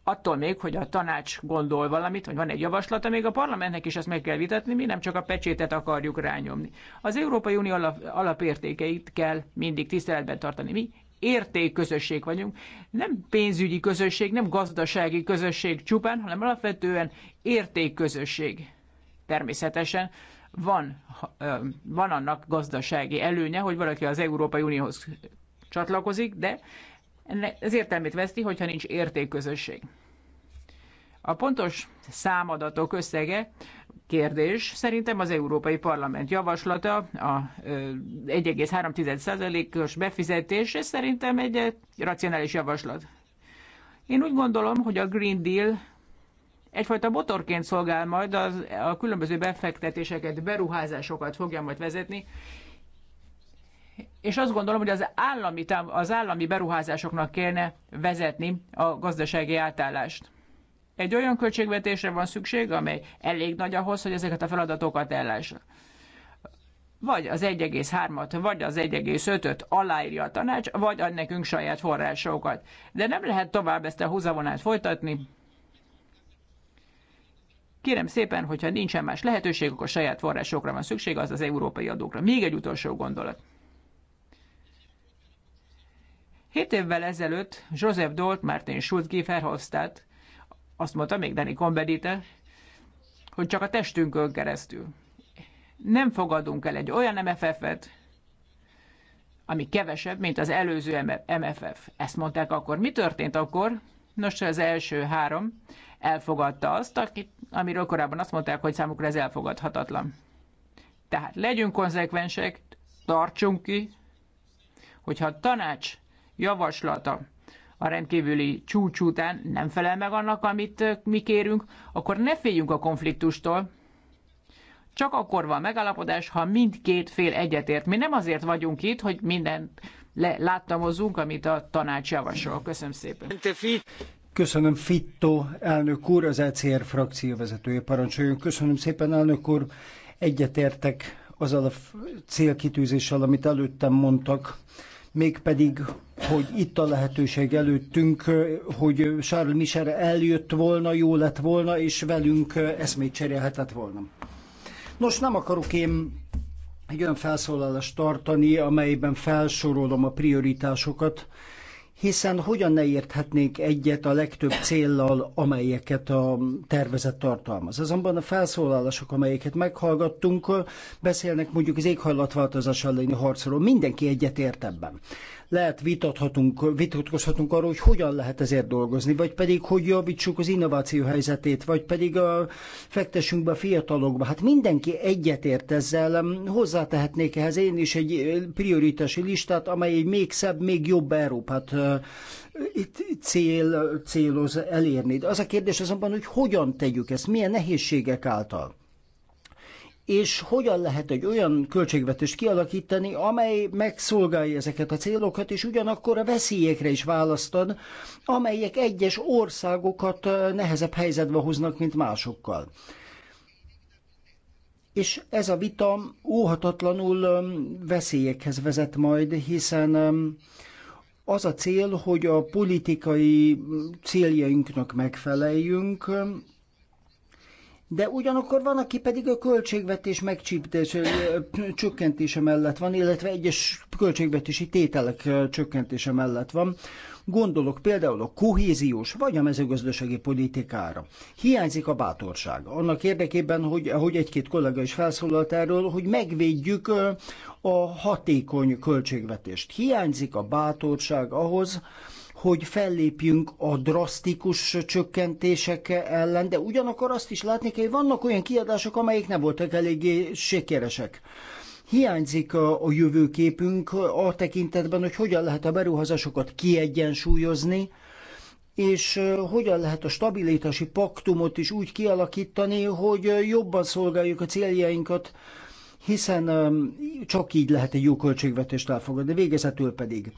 attól még, hogy a tanács gondol valamit, vagy van egy javaslata, még a parlamentnek is ezt meg kell vitatni, mi nem csak a pecsétet akarjuk rányomni. Az Európai Unió alap, alapértékeit kell mindig tiszteletben tartani. Mi értékközösség vagyunk, nem pénzügyi közösség, nem gazdasági közösség csupán, hanem alapvetően értékközösség. Természetesen van, van annak gazdasági előnye, hogy valaki az Európai Unióhoz csatlakozik, de ez értelmét veszti, hogyha nincs értékközösség. A pontos számadatok összege kérdés. Szerintem az Európai Parlament javaslata a 1,3%-os befizetés, ez szerintem egy racionális javaslat. Én úgy gondolom, hogy a Green Deal egyfajta motorként szolgál majd, az, a különböző befektetéseket, beruházásokat fogja majd vezetni, és azt gondolom, hogy az állami, az állami beruházásoknak kéne vezetni a gazdasági átállást. Egy olyan költségvetésre van szükség, amely elég nagy ahhoz, hogy ezeket a feladatokat ellássa. Vagy az 1,3-at, vagy az 1,5-öt aláírja a tanács, vagy ad nekünk saját forrásokat. De nem lehet tovább ezt a húzavonát folytatni. Kérem szépen, hogyha nincsen más lehetőség, akkor saját forrásokra van szükség, az az európai adókra. Még egy utolsó gondolat. Hét évvel ezelőtt Joseph Dolt, Martin Schulz, Guy azt mondta még Danny Combedite, hogy csak a testünkön keresztül. Nem fogadunk el egy olyan MFF-et, ami kevesebb, mint az előző MFF. Ezt mondták akkor. Mi történt akkor? Nos, az első három elfogadta azt, akit, amiről korábban azt mondták, hogy számukra ez elfogadhatatlan. Tehát legyünk konzekvensek, tartsunk ki, hogyha a tanács javaslata a rendkívüli csúcs után nem felel meg annak, amit mi kérünk, akkor ne féljünk a konfliktustól. Csak akkor van megállapodás, ha mindkét fél egyetért. Mi nem azért vagyunk itt, hogy mindent le láttamozzunk, amit a tanács javasol. Köszönöm szépen. Köszönöm Fitto elnök úr, az ECR frakció vezetője parancsoljon. Köszönöm szépen elnök úr, egyetértek azzal a célkitűzéssel, amit előttem mondtak mégpedig, hogy itt a lehetőség előttünk, hogy Charles Michel eljött volna, jó lett volna, és velünk eszmét cserélhetett volna. Nos, nem akarok én egy olyan felszólalást tartani, amelyben felsorolom a prioritásokat, hiszen hogyan ne érthetnénk egyet a legtöbb céllal, amelyeket a tervezet tartalmaz. Azonban a felszólalások, amelyeket meghallgattunk, beszélnek mondjuk az éghajlatváltozás elleni harcról. Mindenki egyet ért ebben lehet vitathatunk, vitatkozhatunk arról, hogy hogyan lehet ezért dolgozni, vagy pedig hogy javítsuk az innováció helyzetét, vagy pedig a, fektessünk be a fiatalokba. Hát mindenki egyetért ezzel, hozzátehetnék ehhez én is egy prioritási listát, amely egy még szebb, még jobb Európát cél, céloz elérni. De az a kérdés azonban, hogy hogyan tegyük ezt, milyen nehézségek által és hogyan lehet egy olyan költségvetést kialakítani, amely megszolgálja ezeket a célokat, és ugyanakkor a veszélyekre is választad, amelyek egyes országokat nehezebb helyzetbe hoznak, mint másokkal. És ez a vita óhatatlanul veszélyekhez vezet majd, hiszen az a cél, hogy a politikai céljainknak megfeleljünk, de ugyanakkor van, aki pedig a költségvetés csökkentése mellett van, illetve egyes költségvetési tételek csökkentése mellett van. Gondolok például a kohéziós vagy a mezőgazdasági politikára. Hiányzik a bátorság. Annak érdekében, hogy ahogy egy-két kollega is felszólalt erről, hogy megvédjük a hatékony költségvetést. Hiányzik a bátorság ahhoz, hogy fellépjünk a drasztikus csökkentések ellen, de ugyanakkor azt is látni kell, hogy vannak olyan kiadások, amelyek nem voltak eléggé sikeresek. Hiányzik a, a jövőképünk a tekintetben, hogy hogyan lehet a beruházásokat kiegyensúlyozni, és hogyan lehet a stabilitási paktumot is úgy kialakítani, hogy jobban szolgáljuk a céljainkat, hiszen csak így lehet egy jó költségvetést elfogadni. Végezetül pedig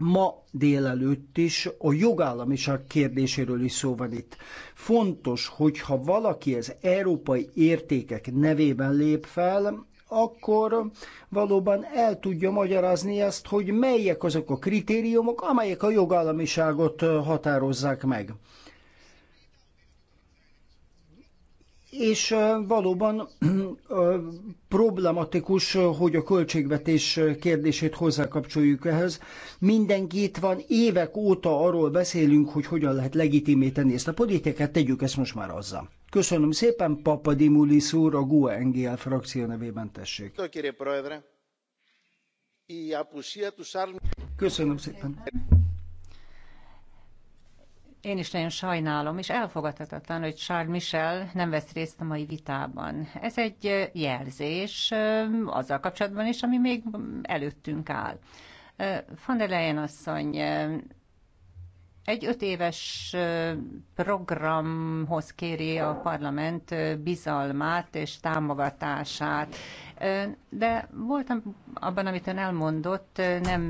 ma délelőtt is a jogállamiság kérdéséről is szó van itt. Fontos, hogyha valaki az európai értékek nevében lép fel, akkor valóban el tudja magyarázni ezt, hogy melyek azok a kritériumok, amelyek a jogállamiságot határozzák meg. és valóban problematikus, hogy a költségvetés kérdését hozzákapcsoljuk ehhez. Mindenki itt van, évek óta arról beszélünk, hogy hogyan lehet legitimíteni ezt a politikát, tegyük ezt most már azzal. Köszönöm szépen, Dimulis úr, a GUE NGL frakció nevében tessék. Köszönöm szépen. Én is nagyon sajnálom, és elfogadhatatlan, hogy Charles Michel nem vesz részt a mai vitában. Ez egy jelzés azzal kapcsolatban is, ami még előttünk áll. Van der Leyen asszony, egy öt éves programhoz kéri a parlament bizalmát és támogatását, de voltam abban, amit ön elmondott, nem,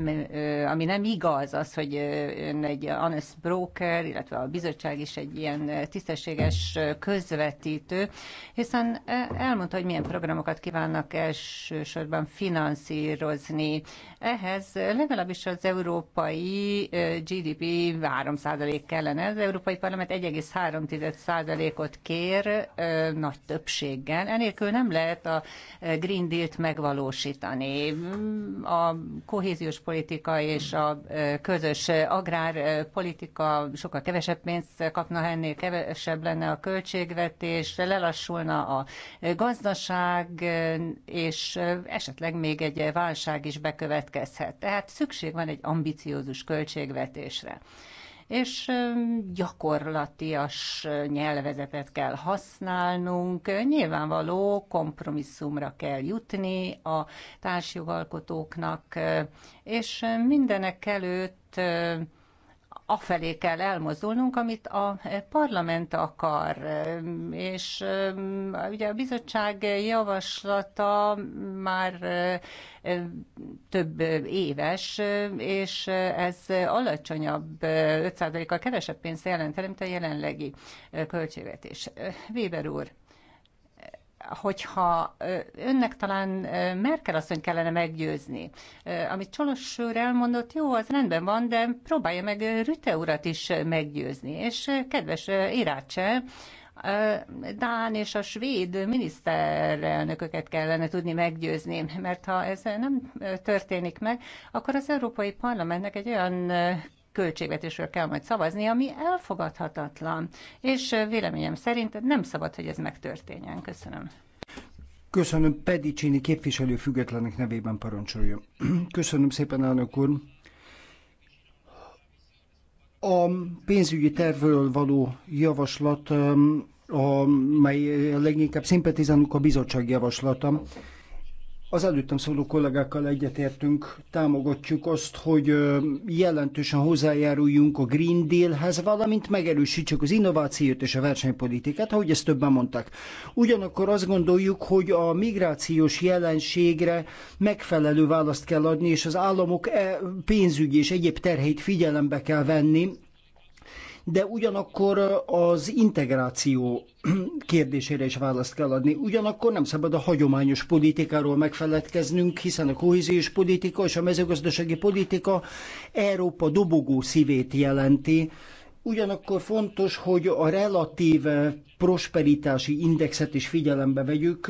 ami nem igaz, az, hogy ön egy honest broker, illetve a bizottság is egy ilyen tisztességes közvetítő, hiszen elmondta, hogy milyen programokat kívánnak elsősorban finanszírozni. Ehhez legalábbis az európai GDP 3% kellene. Az Európai Parlament 1,3%-ot kér nagy többséggel. Enélkül nem lehet a Green Green Deal-t megvalósítani, a kohéziós politika és a közös agrárpolitika sokkal kevesebb pénzt kapna, ennél kevesebb lenne a költségvetés, lelassulna a gazdaság, és esetleg még egy válság is bekövetkezhet. Tehát szükség van egy ambiciózus költségvetésre és gyakorlatias nyelvezetet kell használnunk. Nyilvánvaló kompromisszumra kell jutni a társjogalkotóknak, és mindenek előtt afelé kell elmozdulnunk, amit a parlament akar. És um, ugye a bizottság javaslata már um, több éves, és ez alacsonyabb, 5%-kal kevesebb pénzt jelentene, mint a jelenlegi költségvetés. Weber úr, hogyha önnek talán Merkel asszony kellene meggyőzni. Amit Csolos úr elmondott, jó, az rendben van, de próbálja meg Rüte urat is meggyőzni. És kedves Irácse, Dán és a svéd miniszterelnököket kellene tudni meggyőzni, mert ha ez nem történik meg, akkor az Európai Parlamentnek egy olyan költségvetésről kell majd szavazni, ami elfogadhatatlan. És véleményem szerint nem szabad, hogy ez megtörténjen. Köszönöm. Köszönöm Pedicsini képviselő függetlenek nevében parancsoljon. Köszönöm szépen, elnök úr. A pénzügyi tervről való javaslat, amely leginkább szimpatizálunk a bizottság javaslata, az előttem szóló kollégákkal egyetértünk, támogatjuk azt, hogy jelentősen hozzájáruljunk a Green Dealhez, valamint megerősítsük az innovációt és a versenypolitikát, ahogy ezt többen mondták. Ugyanakkor azt gondoljuk, hogy a migrációs jelenségre megfelelő választ kell adni, és az államok e, pénzügyi és egyéb terheit figyelembe kell venni, de ugyanakkor az integráció kérdésére is választ kell adni. Ugyanakkor nem szabad a hagyományos politikáról megfeledkeznünk, hiszen a kohéziós politika és a mezőgazdasági politika Európa dobogó szívét jelenti, Ugyanakkor fontos, hogy a relatív prosperitási indexet is figyelembe vegyük,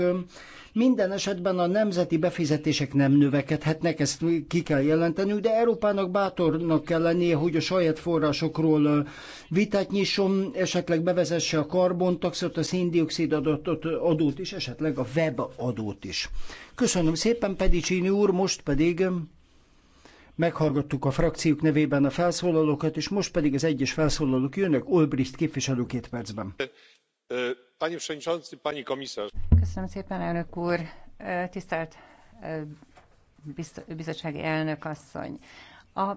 minden esetben a nemzeti befizetések nem növekedhetnek, ezt ki kell jelenteni, de Európának bátornak kell lennie, hogy a saját forrásokról vitát nyisson, esetleg bevezesse a karbontaxot, a széndiokszid adót, adót is, esetleg a web adót is. Köszönöm szépen, Pedicini úr, most pedig Meghallgattuk a frakciók nevében a felszólalókat, és most pedig az egyes felszólalók jönnek, Olbricht képviselő két percben. Köszönöm szépen, elnök úr! Tisztelt bizottsági elnök asszony! A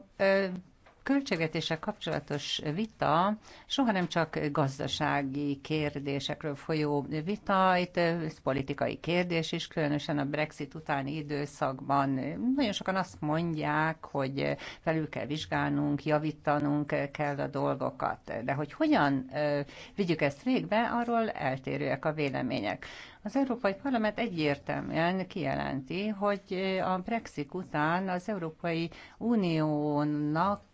költségvetéssel kapcsolatos vita soha nem csak gazdasági kérdésekről folyó vita, itt politikai kérdés is, különösen a Brexit utáni időszakban. Nagyon sokan azt mondják, hogy felül kell vizsgálnunk, javítanunk kell a dolgokat. De hogy hogyan vigyük ezt végbe, arról eltérőek a vélemények. Az Európai Parlament egyértelműen kijelenti, hogy a Brexit után az Európai Uniónak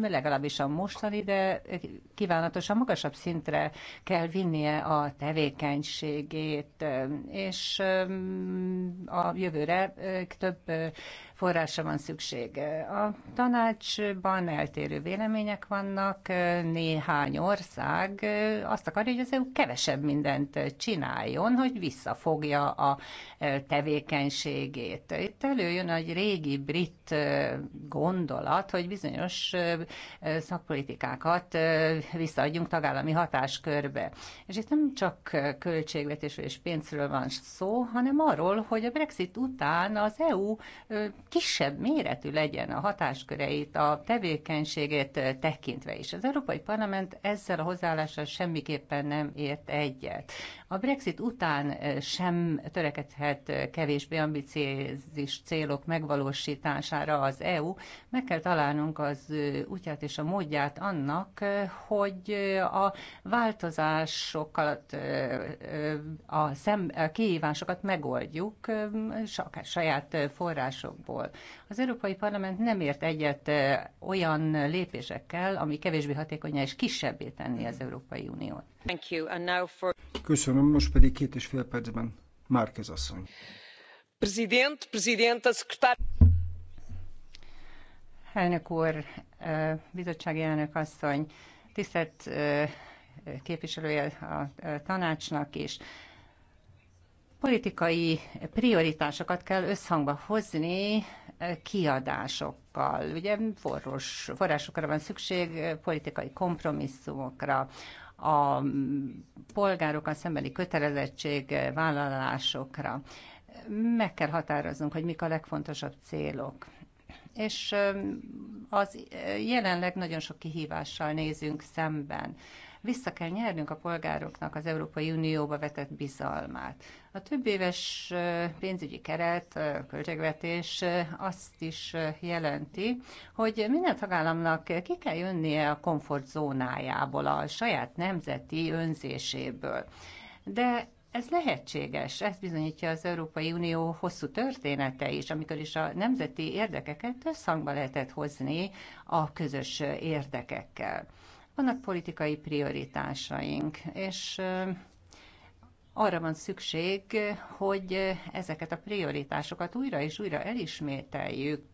legalábbis a mostani, de kívánatosan magasabb szintre kell vinnie a tevékenységét, és a jövőre több forrásra van szükség. A tanácsban eltérő vélemények vannak, néhány ország azt akarja, hogy az EU kevesebb mindent csináljon, hogy visszafogja a tevékenységét. Itt előjön egy régi brit gondolat, hogy bizonyos szakpolitikákat visszaadjunk tagállami hatáskörbe. És itt nem csak költségvetésről és pénzről van szó, hanem arról, hogy a Brexit után az EU kisebb méretű legyen a hatásköreit, a tevékenységét tekintve is. Az Európai Parlament ezzel a hozzáállással semmiképpen nem ért egyet. A Brexit után sem törekedhet kevésbé ambiciózis célok megvalósítására az EU. Meg kell találnunk az útját és a módját annak, hogy a változásokat, a, szem, a kihívásokat megoldjuk saját forrásokból szól. Az Európai Parlament nem ért egyet olyan lépésekkel, ami kevésbé hatékonyá és kisebbé tenni az Európai Uniót. For... Köszönöm, most pedig két és fél percben Márkez asszony. Prezident, prezident, a szekretár... Elnök úr, bizottsági elnök asszony, tisztelt képviselője a tanácsnak is politikai prioritásokat kell összhangba hozni eh, kiadásokkal. Ugye forrós, forrásokra van szükség, eh, politikai kompromisszumokra, a polgárokkal szembeni kötelezettség eh, vállalásokra. Meg kell határoznunk, hogy mik a legfontosabb célok. És az jelenleg nagyon sok kihívással nézünk szemben vissza kell nyernünk a polgároknak az Európai Unióba vetett bizalmát. A több éves pénzügyi keret, költségvetés azt is jelenti, hogy minden tagállamnak ki kell jönnie a komfortzónájából, a saját nemzeti önzéséből. De ez lehetséges, ezt bizonyítja az Európai Unió hosszú története is, amikor is a nemzeti érdekeket összhangba lehetett hozni a közös érdekekkel. Vannak politikai prioritásaink, és arra van szükség, hogy ezeket a prioritásokat újra és újra elismételjük,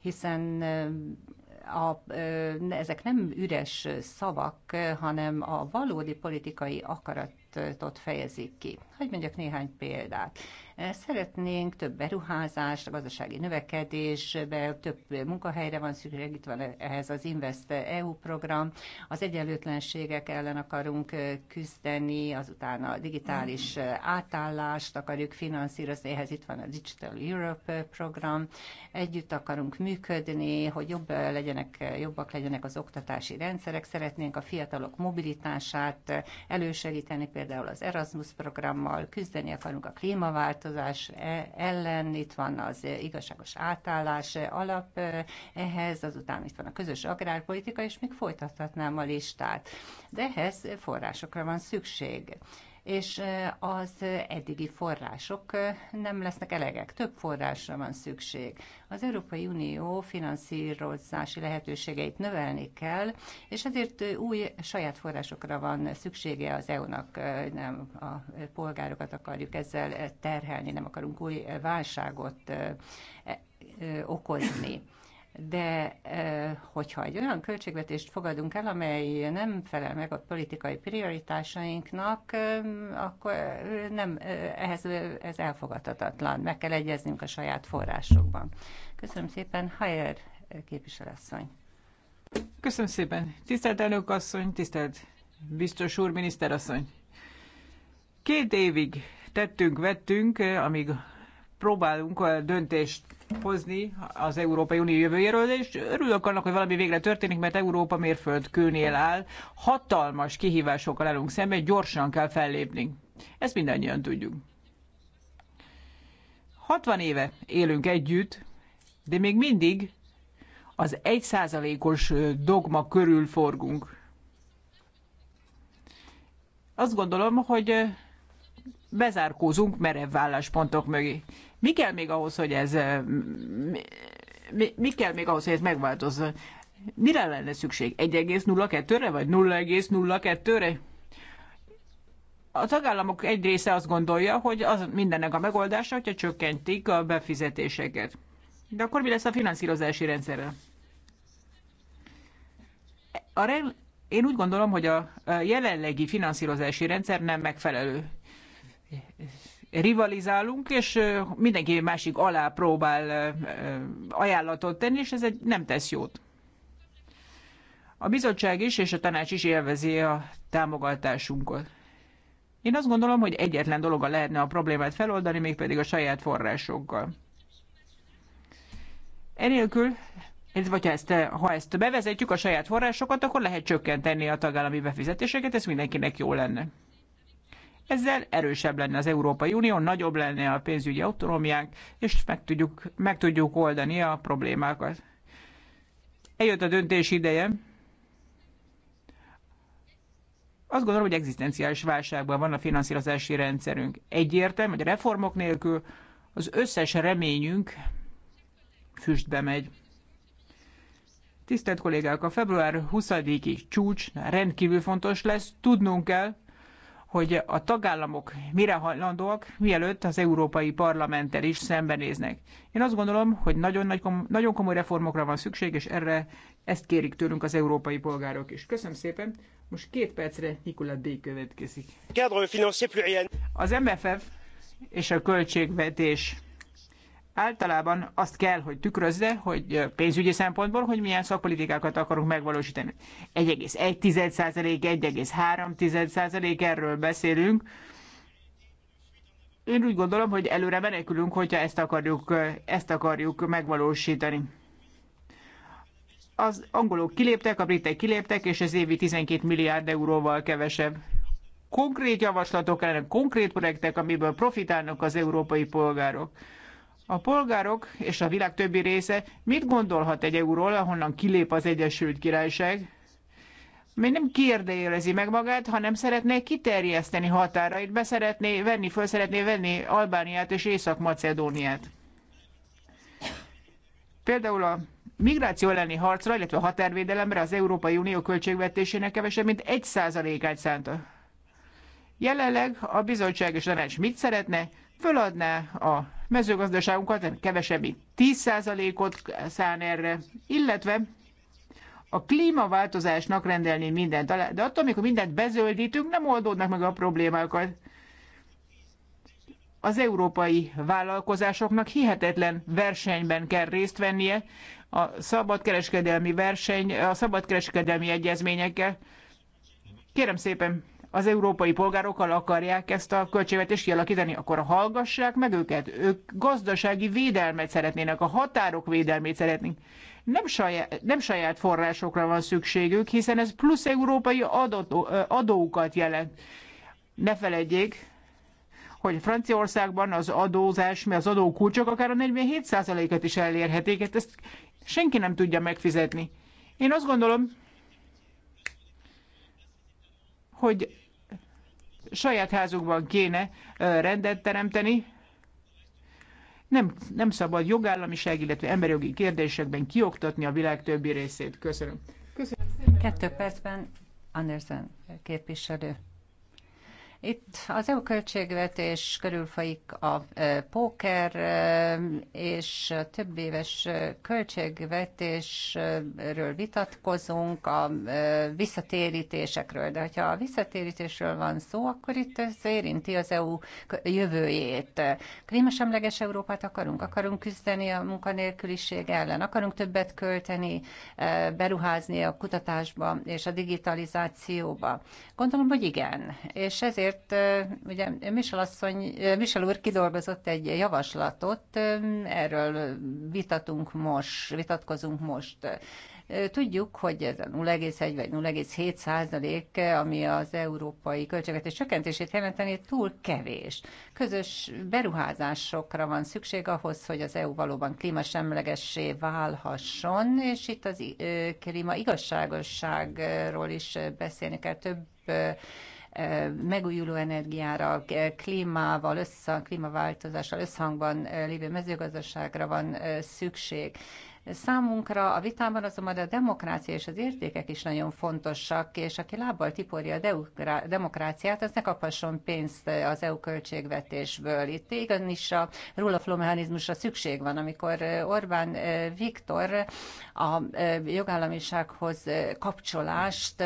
hiszen a, ezek nem üres szavak, hanem a valódi politikai akaratot fejezik ki. Hogy mondjak néhány példát. Szeretnénk több beruházást, gazdasági növekedésbe, több munkahelyre van szükség, itt van ehhez az Invest EU program, az egyenlőtlenségek ellen akarunk küzdeni, azután a digitális átállást akarjuk finanszírozni, ehhez itt van a Digital Europe program, együtt akarunk működni, hogy jobb legyenek, jobbak legyenek az oktatási rendszerek, szeretnénk a fiatalok mobilitását elősegíteni, például az Erasmus programmal, küzdeni akarunk a klímaváltozással, változás e- ellen, itt van az igazságos átállás alap e, ehhez, azután itt van a közös agrárpolitika, és még folytathatnám a listát. De ehhez forrásokra van szükség és az eddigi források nem lesznek elegek. Több forrásra van szükség. Az Európai Unió finanszírozási lehetőségeit növelni kell, és ezért új saját forrásokra van szüksége az EU-nak. Nem a polgárokat akarjuk ezzel terhelni, nem akarunk új válságot okozni de hogyha egy olyan költségvetést fogadunk el, amely nem felel meg a politikai prioritásainknak, akkor nem, ehhez, ez elfogadhatatlan. Meg kell egyeznünk a saját forrásokban. Köszönöm szépen, Hajer képviselőasszony. Köszönöm szépen. Tisztelt elnök asszony, tisztelt biztos úr, miniszterasszony. Két évig tettünk, vettünk, amíg próbálunk döntést hozni az Európai Unió jövőjéről, és örülök annak, hogy valami végre történik, mert Európa mérföldkőnél áll. Hatalmas kihívásokkal állunk szemben, gyorsan kell fellépni. Ezt mindannyian tudjuk. 60 éve élünk együtt, de még mindig az 1%-os dogma körül forgunk. Azt gondolom, hogy bezárkózunk merev válláspontok mögé. Mi kell még ahhoz, hogy ez mi, mi, mi kell még ahhoz, hogy ez megváltozzon? Mire lenne szükség? 1,02-re vagy 0,02-re? A tagállamok egy része azt gondolja, hogy az mindennek a megoldása, hogyha csökkentik a befizetéseket. De akkor mi lesz a finanszírozási rendszerrel? A, én úgy gondolom, hogy a jelenlegi finanszírozási rendszer nem megfelelő rivalizálunk, és mindenki másik alá próbál ajánlatot tenni, és ez egy nem tesz jót. A bizottság is, és a tanács is élvezi a támogatásunkat. Én azt gondolom, hogy egyetlen a lehetne a problémát feloldani, mégpedig a saját forrásokkal. Enélkül, vagy ha ezt, ha ezt bevezetjük a saját forrásokat, akkor lehet csökkenteni a tagállami befizetéseket, ez mindenkinek jó lenne. Ezzel erősebb lenne az Európai Unió, nagyobb lenne a pénzügyi autonómiánk, és meg tudjuk, meg tudjuk oldani a problémákat. Eljött a döntés ideje. Azt gondolom, hogy egzisztenciális válságban van a finanszírozási rendszerünk. Egyértelmű, hogy reformok nélkül az összes reményünk füstbe megy. Tisztelt kollégák, a február 20-i csúcs rendkívül fontos lesz. Tudnunk kell, hogy a tagállamok mire hajlandóak, mielőtt az Európai Parlamenttel is szembenéznek. Én azt gondolom, hogy nagyon, nagy, nagyon komoly reformokra van szükség, és erre ezt kérik tőlünk az európai polgárok is. Köszönöm szépen! Most két percre Nikola D. következik. Az MFF és a költségvetés általában azt kell, hogy tükrözze, hogy pénzügyi szempontból, hogy milyen szakpolitikákat akarunk megvalósítani. 1,1%, 1,3% erről beszélünk. Én úgy gondolom, hogy előre menekülünk, hogyha ezt akarjuk, ezt akarjuk megvalósítani. Az angolok kiléptek, a britek kiléptek, és ez évi 12 milliárd euróval kevesebb. Konkrét javaslatok ellen, konkrét projektek, amiből profitálnak az európai polgárok. A polgárok és a világ többi része mit gondolhat egy euról, ahonnan kilép az Egyesült Királyság? Még nem kérdejelezi meg magát, hanem szeretné kiterjeszteni határait, be szeretné venni, föl szeretné venni Albániát és Észak-Macedóniát. Például a migráció elleni harcra, illetve a határvédelemre az Európai Unió költségvetésének kevesebb, mint egy százalékát szánta. Jelenleg a bizottság és tanács mit szeretne? Föladná a mezőgazdaságunkat kevesebb, mint 10%-ot szán erre, illetve a klímaváltozásnak rendelni mindent. De attól, amikor mindent bezöldítünk, nem oldódnak meg a problémákat. Az európai vállalkozásoknak hihetetlen versenyben kell részt vennie a szabadkereskedelmi verseny, a szabadkereskedelmi egyezményekkel. Kérem szépen, az európai polgárokkal akarják ezt a költségvetést kialakítani, akkor hallgassák meg őket. Ők gazdasági védelmet szeretnének, a határok védelmét szeretnénk. Nem saját, nem saját forrásokra van szükségük, hiszen ez plusz európai adó, adókat jelent. Ne feledjék, hogy Franciaországban az adózás, mi az adókulcsok akár a 47%-et is elérhetik, hát ezt senki nem tudja megfizetni. Én azt gondolom, hogy saját házunkban kéne rendet teremteni, nem, nem szabad jogállamiság, illetve emberi kérdésekben kioktatni a világ többi részét. Köszönöm. Köszönöm Kettő percben Andersen képviselő. Itt az EU költségvetés körülfajik a póker, és a több éves költségvetésről vitatkozunk, a visszatérítésekről. De ha a visszatérítésről van szó, akkor itt ez érinti az EU jövőjét. Klímasemleges Európát akarunk, akarunk küzdeni a munkanélküliség ellen, akarunk többet költeni, beruházni a kutatásba és a digitalizációba. Gondolom, hogy igen, és ezért azért ugye Michel, asszony, Michel úr kidolgozott egy javaslatot, erről vitatunk most, vitatkozunk most. Tudjuk, hogy ez a 0,1 vagy 0,7 százalék, ami az európai költségvetés csökkentését jelenteni, túl kevés. Közös beruházásokra van szükség ahhoz, hogy az EU valóban klímasemlegessé válhasson, és itt az klíma igazságosságról is beszélni kell több megújuló energiára, klímával, össze, klímaváltozással összhangban lévő mezőgazdaságra van szükség. Számunkra a vitában azonban a demokrácia és az értékek is nagyon fontosak, és aki lábbal tiporja a demokráciát, az ne kaphasson pénzt az EU költségvetésből. Itt igenis a rule of law mechanizmusra szükség van, amikor Orbán Viktor a jogállamisághoz kapcsolást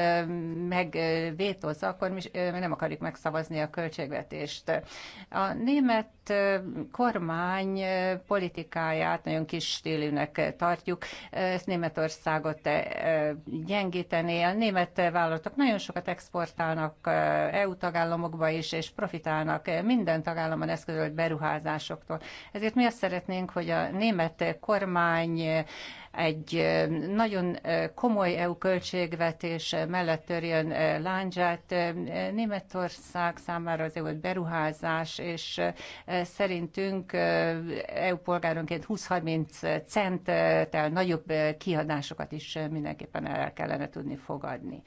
megvétozza, akkor mi nem akarjuk megszavazni a költségvetést. A német kormány politikáját nagyon kis stílűnek tart, tartjuk, ezt Németországot eh, eh, gyengíteni. A német vállalatok nagyon sokat exportálnak eh, EU tagállamokba is, és profitálnak minden tagállamon eszközölt beruházásoktól. Ezért mi azt szeretnénk, hogy a német kormány egy nagyon komoly EU költségvetés mellett törjön láncsát. Németország számára az EU beruházás, és szerintünk EU polgáronként 20-30 centtel nagyobb kiadásokat is mindenképpen el kellene tudni fogadni.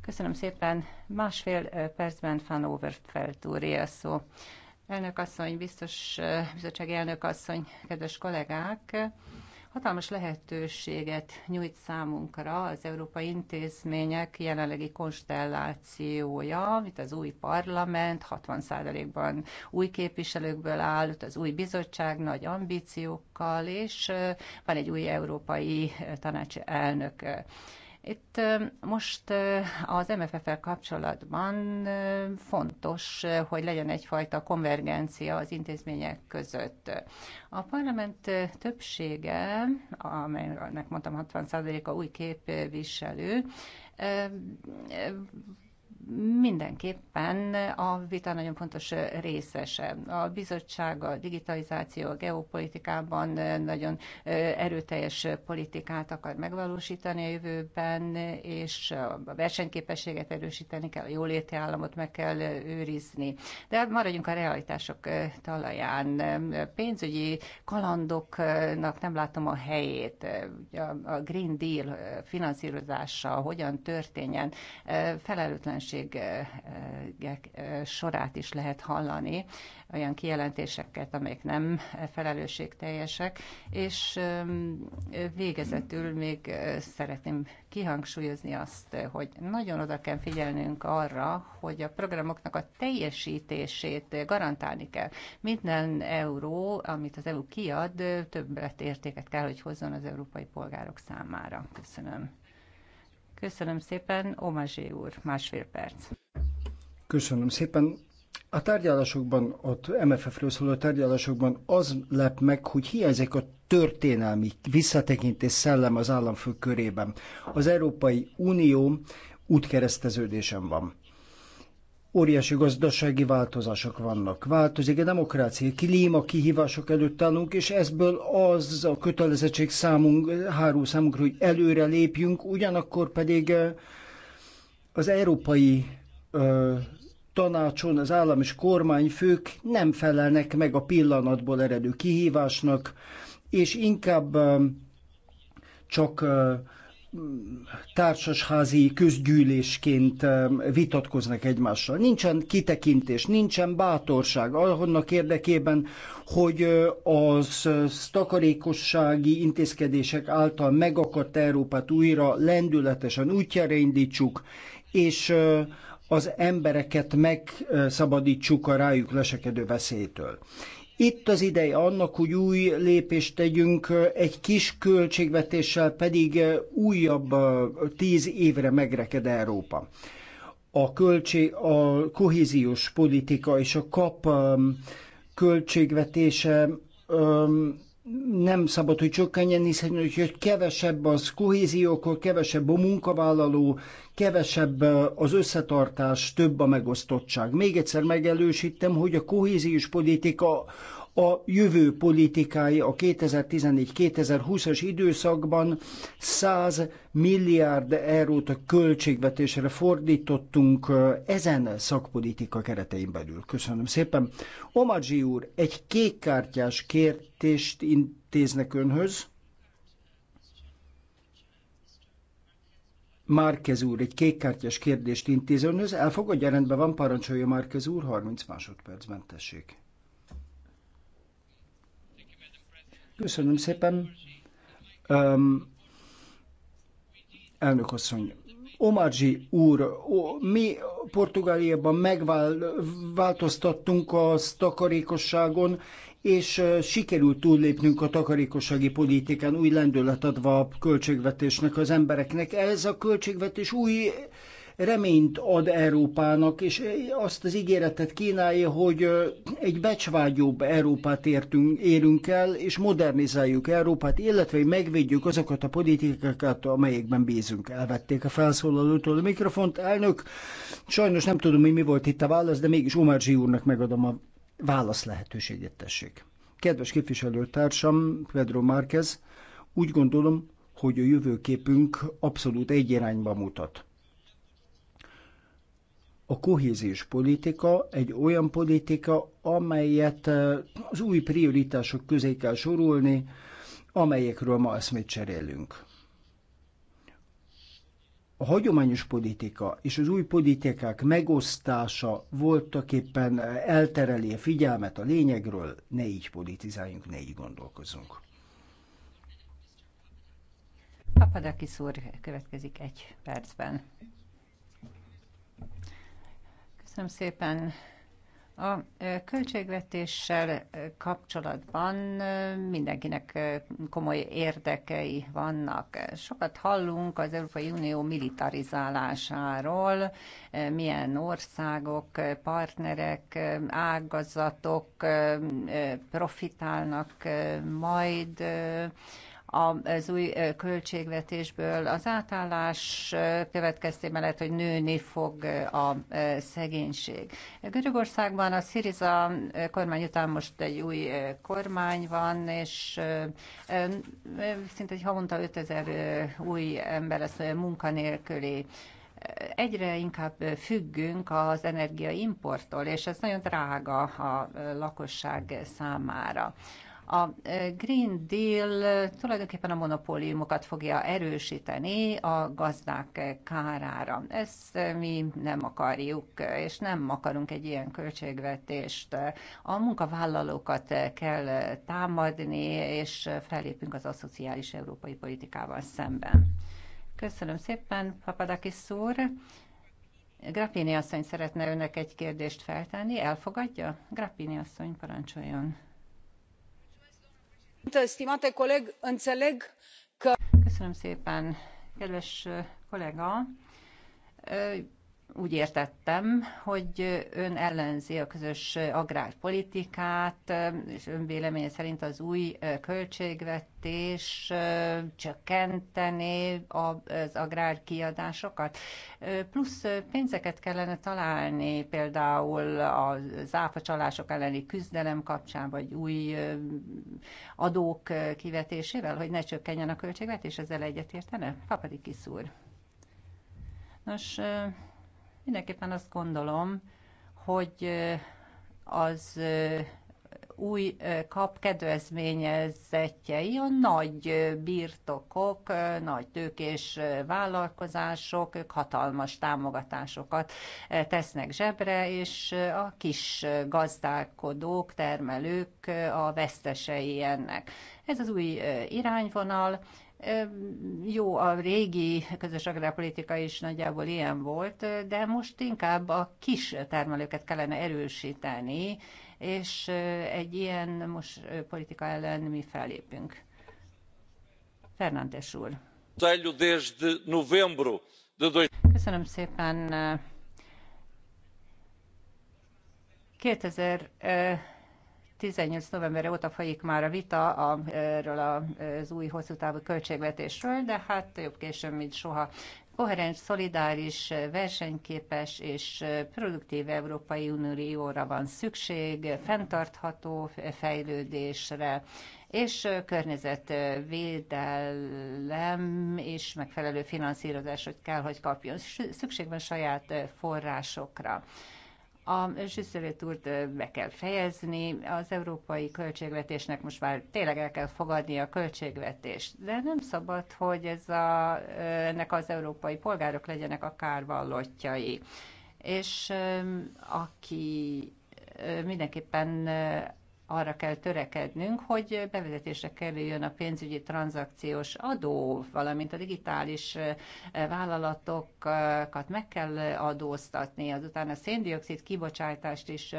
Köszönöm szépen. Másfél percben Van Overfeld úr szó. Elnök asszony, biztos bizottság elnök asszony, kedves kollégák! Hatalmas lehetőséget nyújt számunkra az európai intézmények jelenlegi konstellációja, mint az új parlament, 60%-ban új képviselőkből áll, az új bizottság nagy ambíciókkal, és van egy új európai tanács elnök. Itt most az MFF-el kapcsolatban fontos, hogy legyen egyfajta konvergencia az intézmények között. A parlament többsége, amelynek mondtam 60%-a új képviselő, mindenképpen a vita nagyon fontos részese. A bizottság a digitalizáció a geopolitikában nagyon erőteljes politikát akar megvalósítani a jövőben, és a versenyképességet erősíteni kell, a jóléti államot meg kell őrizni. De hát maradjunk a realitások talaján. Pénzügyi kalandoknak nem látom a helyét. A Green Deal finanszírozása hogyan történjen, felelőtlenség betegségek sorát is lehet hallani, olyan kijelentéseket, amelyek nem felelősségteljesek, és végezetül még szeretném kihangsúlyozni azt, hogy nagyon oda kell figyelnünk arra, hogy a programoknak a teljesítését garantálni kell. Minden euró, amit az EU kiad, többet értéket kell, hogy hozzon az európai polgárok számára. Köszönöm. Köszönöm szépen, Omazsé úr, másfél perc. Köszönöm szépen. A tárgyalásokban, ott MFF-ről szóló tárgyalásokban az lep meg, hogy hiányzik a történelmi visszatekintés szellem az államfők körében. Az Európai Unió útkereszteződésen van óriási gazdasági változások vannak. Változik a demokrácia, klíma kihívások előtt állunk, és ezből az a kötelezettség számunk, háró számunkra, hogy előre lépjünk, ugyanakkor pedig az európai tanácson az állam és kormányfők nem felelnek meg a pillanatból eredő kihívásnak, és inkább csak uh, társasházi közgyűlésként vitatkoznak egymással. Nincsen kitekintés, nincsen bátorság annak érdekében, hogy az takarékossági intézkedések által megakadt Európát újra lendületesen útjára indítsuk, és az embereket megszabadítsuk a rájuk lesekedő veszélytől. Itt az ideje annak, hogy új lépést tegyünk, egy kis költségvetéssel pedig újabb tíz évre megreked Európa. A, költség, a kohéziós politika és a kap költségvetése nem szabad, hogy csökkenjen, hiszen hogy kevesebb az kohézió, akkor kevesebb a munkavállaló, kevesebb az összetartás, több a megosztottság. Még egyszer megelősítem, hogy a kohéziós politika a jövő politikája a 2014-2020-as időszakban 100 milliárd eurót a költségvetésre fordítottunk ezen szakpolitika keretein belül. Köszönöm szépen. Omadzsi úr, egy kékkártyás kértést intéznek önhöz. Márkez úr egy kékkártyás kérdést intéz önhöz. Elfogadja, rendben van, parancsolja Márkez úr, 30 másodpercben tessék. Köszönöm szépen. Um, elnök asszony, Omarzsi úr, ó, mi Portugáliában megváltoztattunk a takarékosságon, és sikerült túllépnünk a takarékossági politikán, új lendület adva a költségvetésnek az embereknek. Ez a költségvetés új reményt ad Európának, és azt az ígéretet kínálja, hogy egy becsvágyóbb Európát értünk, érünk el, és modernizáljuk Európát, illetve megvédjük azokat a politikákat, amelyekben bízunk. Elvették a felszólalótól a mikrofont. Elnök, sajnos nem tudom, hogy mi volt itt a válasz, de mégis Omerzsi úrnak megadom a válasz lehetőséget, tessék. Kedves képviselőtársam, Pedro Márquez, úgy gondolom, hogy a jövőképünk abszolút egy irányba mutat a kohéziós politika egy olyan politika, amelyet eh, az új prioritások közé kell sorolni, amelyekről ma eszmét cserélünk. A hagyományos politika és az új politikák megosztása voltak éppen eh, eltereli a figyelmet a lényegről, ne így politizáljunk, ne így gondolkozunk. Papadakis úr következik egy percben. Köszönöm szépen. A költségvetéssel kapcsolatban mindenkinek komoly érdekei vannak. Sokat hallunk az Európai Unió militarizálásáról, milyen országok, partnerek, ágazatok profitálnak majd az új költségvetésből. Az átállás következtében lehet, hogy nőni fog a szegénység. Görögországban a Sziriza kormány után most egy új kormány van, és szinte egy havonta 5000 új ember lesz munkanélküli egyre inkább függünk az energiaimporttól, és ez nagyon drága a lakosság számára. A Green Deal tulajdonképpen a monopóliumokat fogja erősíteni a gazdák kárára. Ezt mi nem akarjuk, és nem akarunk egy ilyen költségvetést. A munkavállalókat kell támadni, és fellépünk az aszociális európai politikával szemben. Köszönöm szépen, Papadakis úr. Grappini asszony szeretne önnek egy kérdést feltenni. Elfogadja? Grappini asszony, parancsoljon stimate coleg înțeleg că. köszönöm szépen kedves kollega! úgy értettem, hogy ön ellenzi a közös agrárpolitikát, és ön véleménye szerint az új költségvetés csökkentené az agrárkiadásokat. Plusz pénzeket kellene találni például a áfacsalások elleni küzdelem kapcsán, vagy új adók kivetésével, hogy ne csökkenjen a költségvetés, ezzel egyetértene? Papadikis úr. Nos, Mindenképpen azt gondolom, hogy az új kap kedvezményezettjei a nagy birtokok, nagy tőkés vállalkozások, ők hatalmas támogatásokat tesznek zsebre, és a kis gazdálkodók, termelők a vesztesei ennek. Ez az új irányvonal, jó, a régi közös agrárpolitika is nagyjából ilyen volt, de most inkább a kis termelőket kellene erősíteni, és egy ilyen most politika ellen mi fellépünk. Fernandes úr. Köszönöm szépen. 2000 2018. novemberre óta folyik már a vita erről az új hosszú távú költségvetésről, de hát jobb későn, mint soha koherens, szolidáris, versenyképes és produktív Európai Unióra van szükség, fenntartható fejlődésre, és környezetvédelem és megfelelő finanszírozás, hogy kell, hogy kapjon. Szükség van saját forrásokra. A Zsüsszelőt úrt be kell fejezni, az európai költségvetésnek most már tényleg el kell fogadni a költségvetést, de nem szabad, hogy ez a, ennek az európai polgárok legyenek a kárvallottjai. És aki mindenképpen arra kell törekednünk, hogy bevezetésre kerüljön a pénzügyi tranzakciós adó, valamint a digitális vállalatokat meg kell adóztatni, azután a széndiokszid kibocsátást is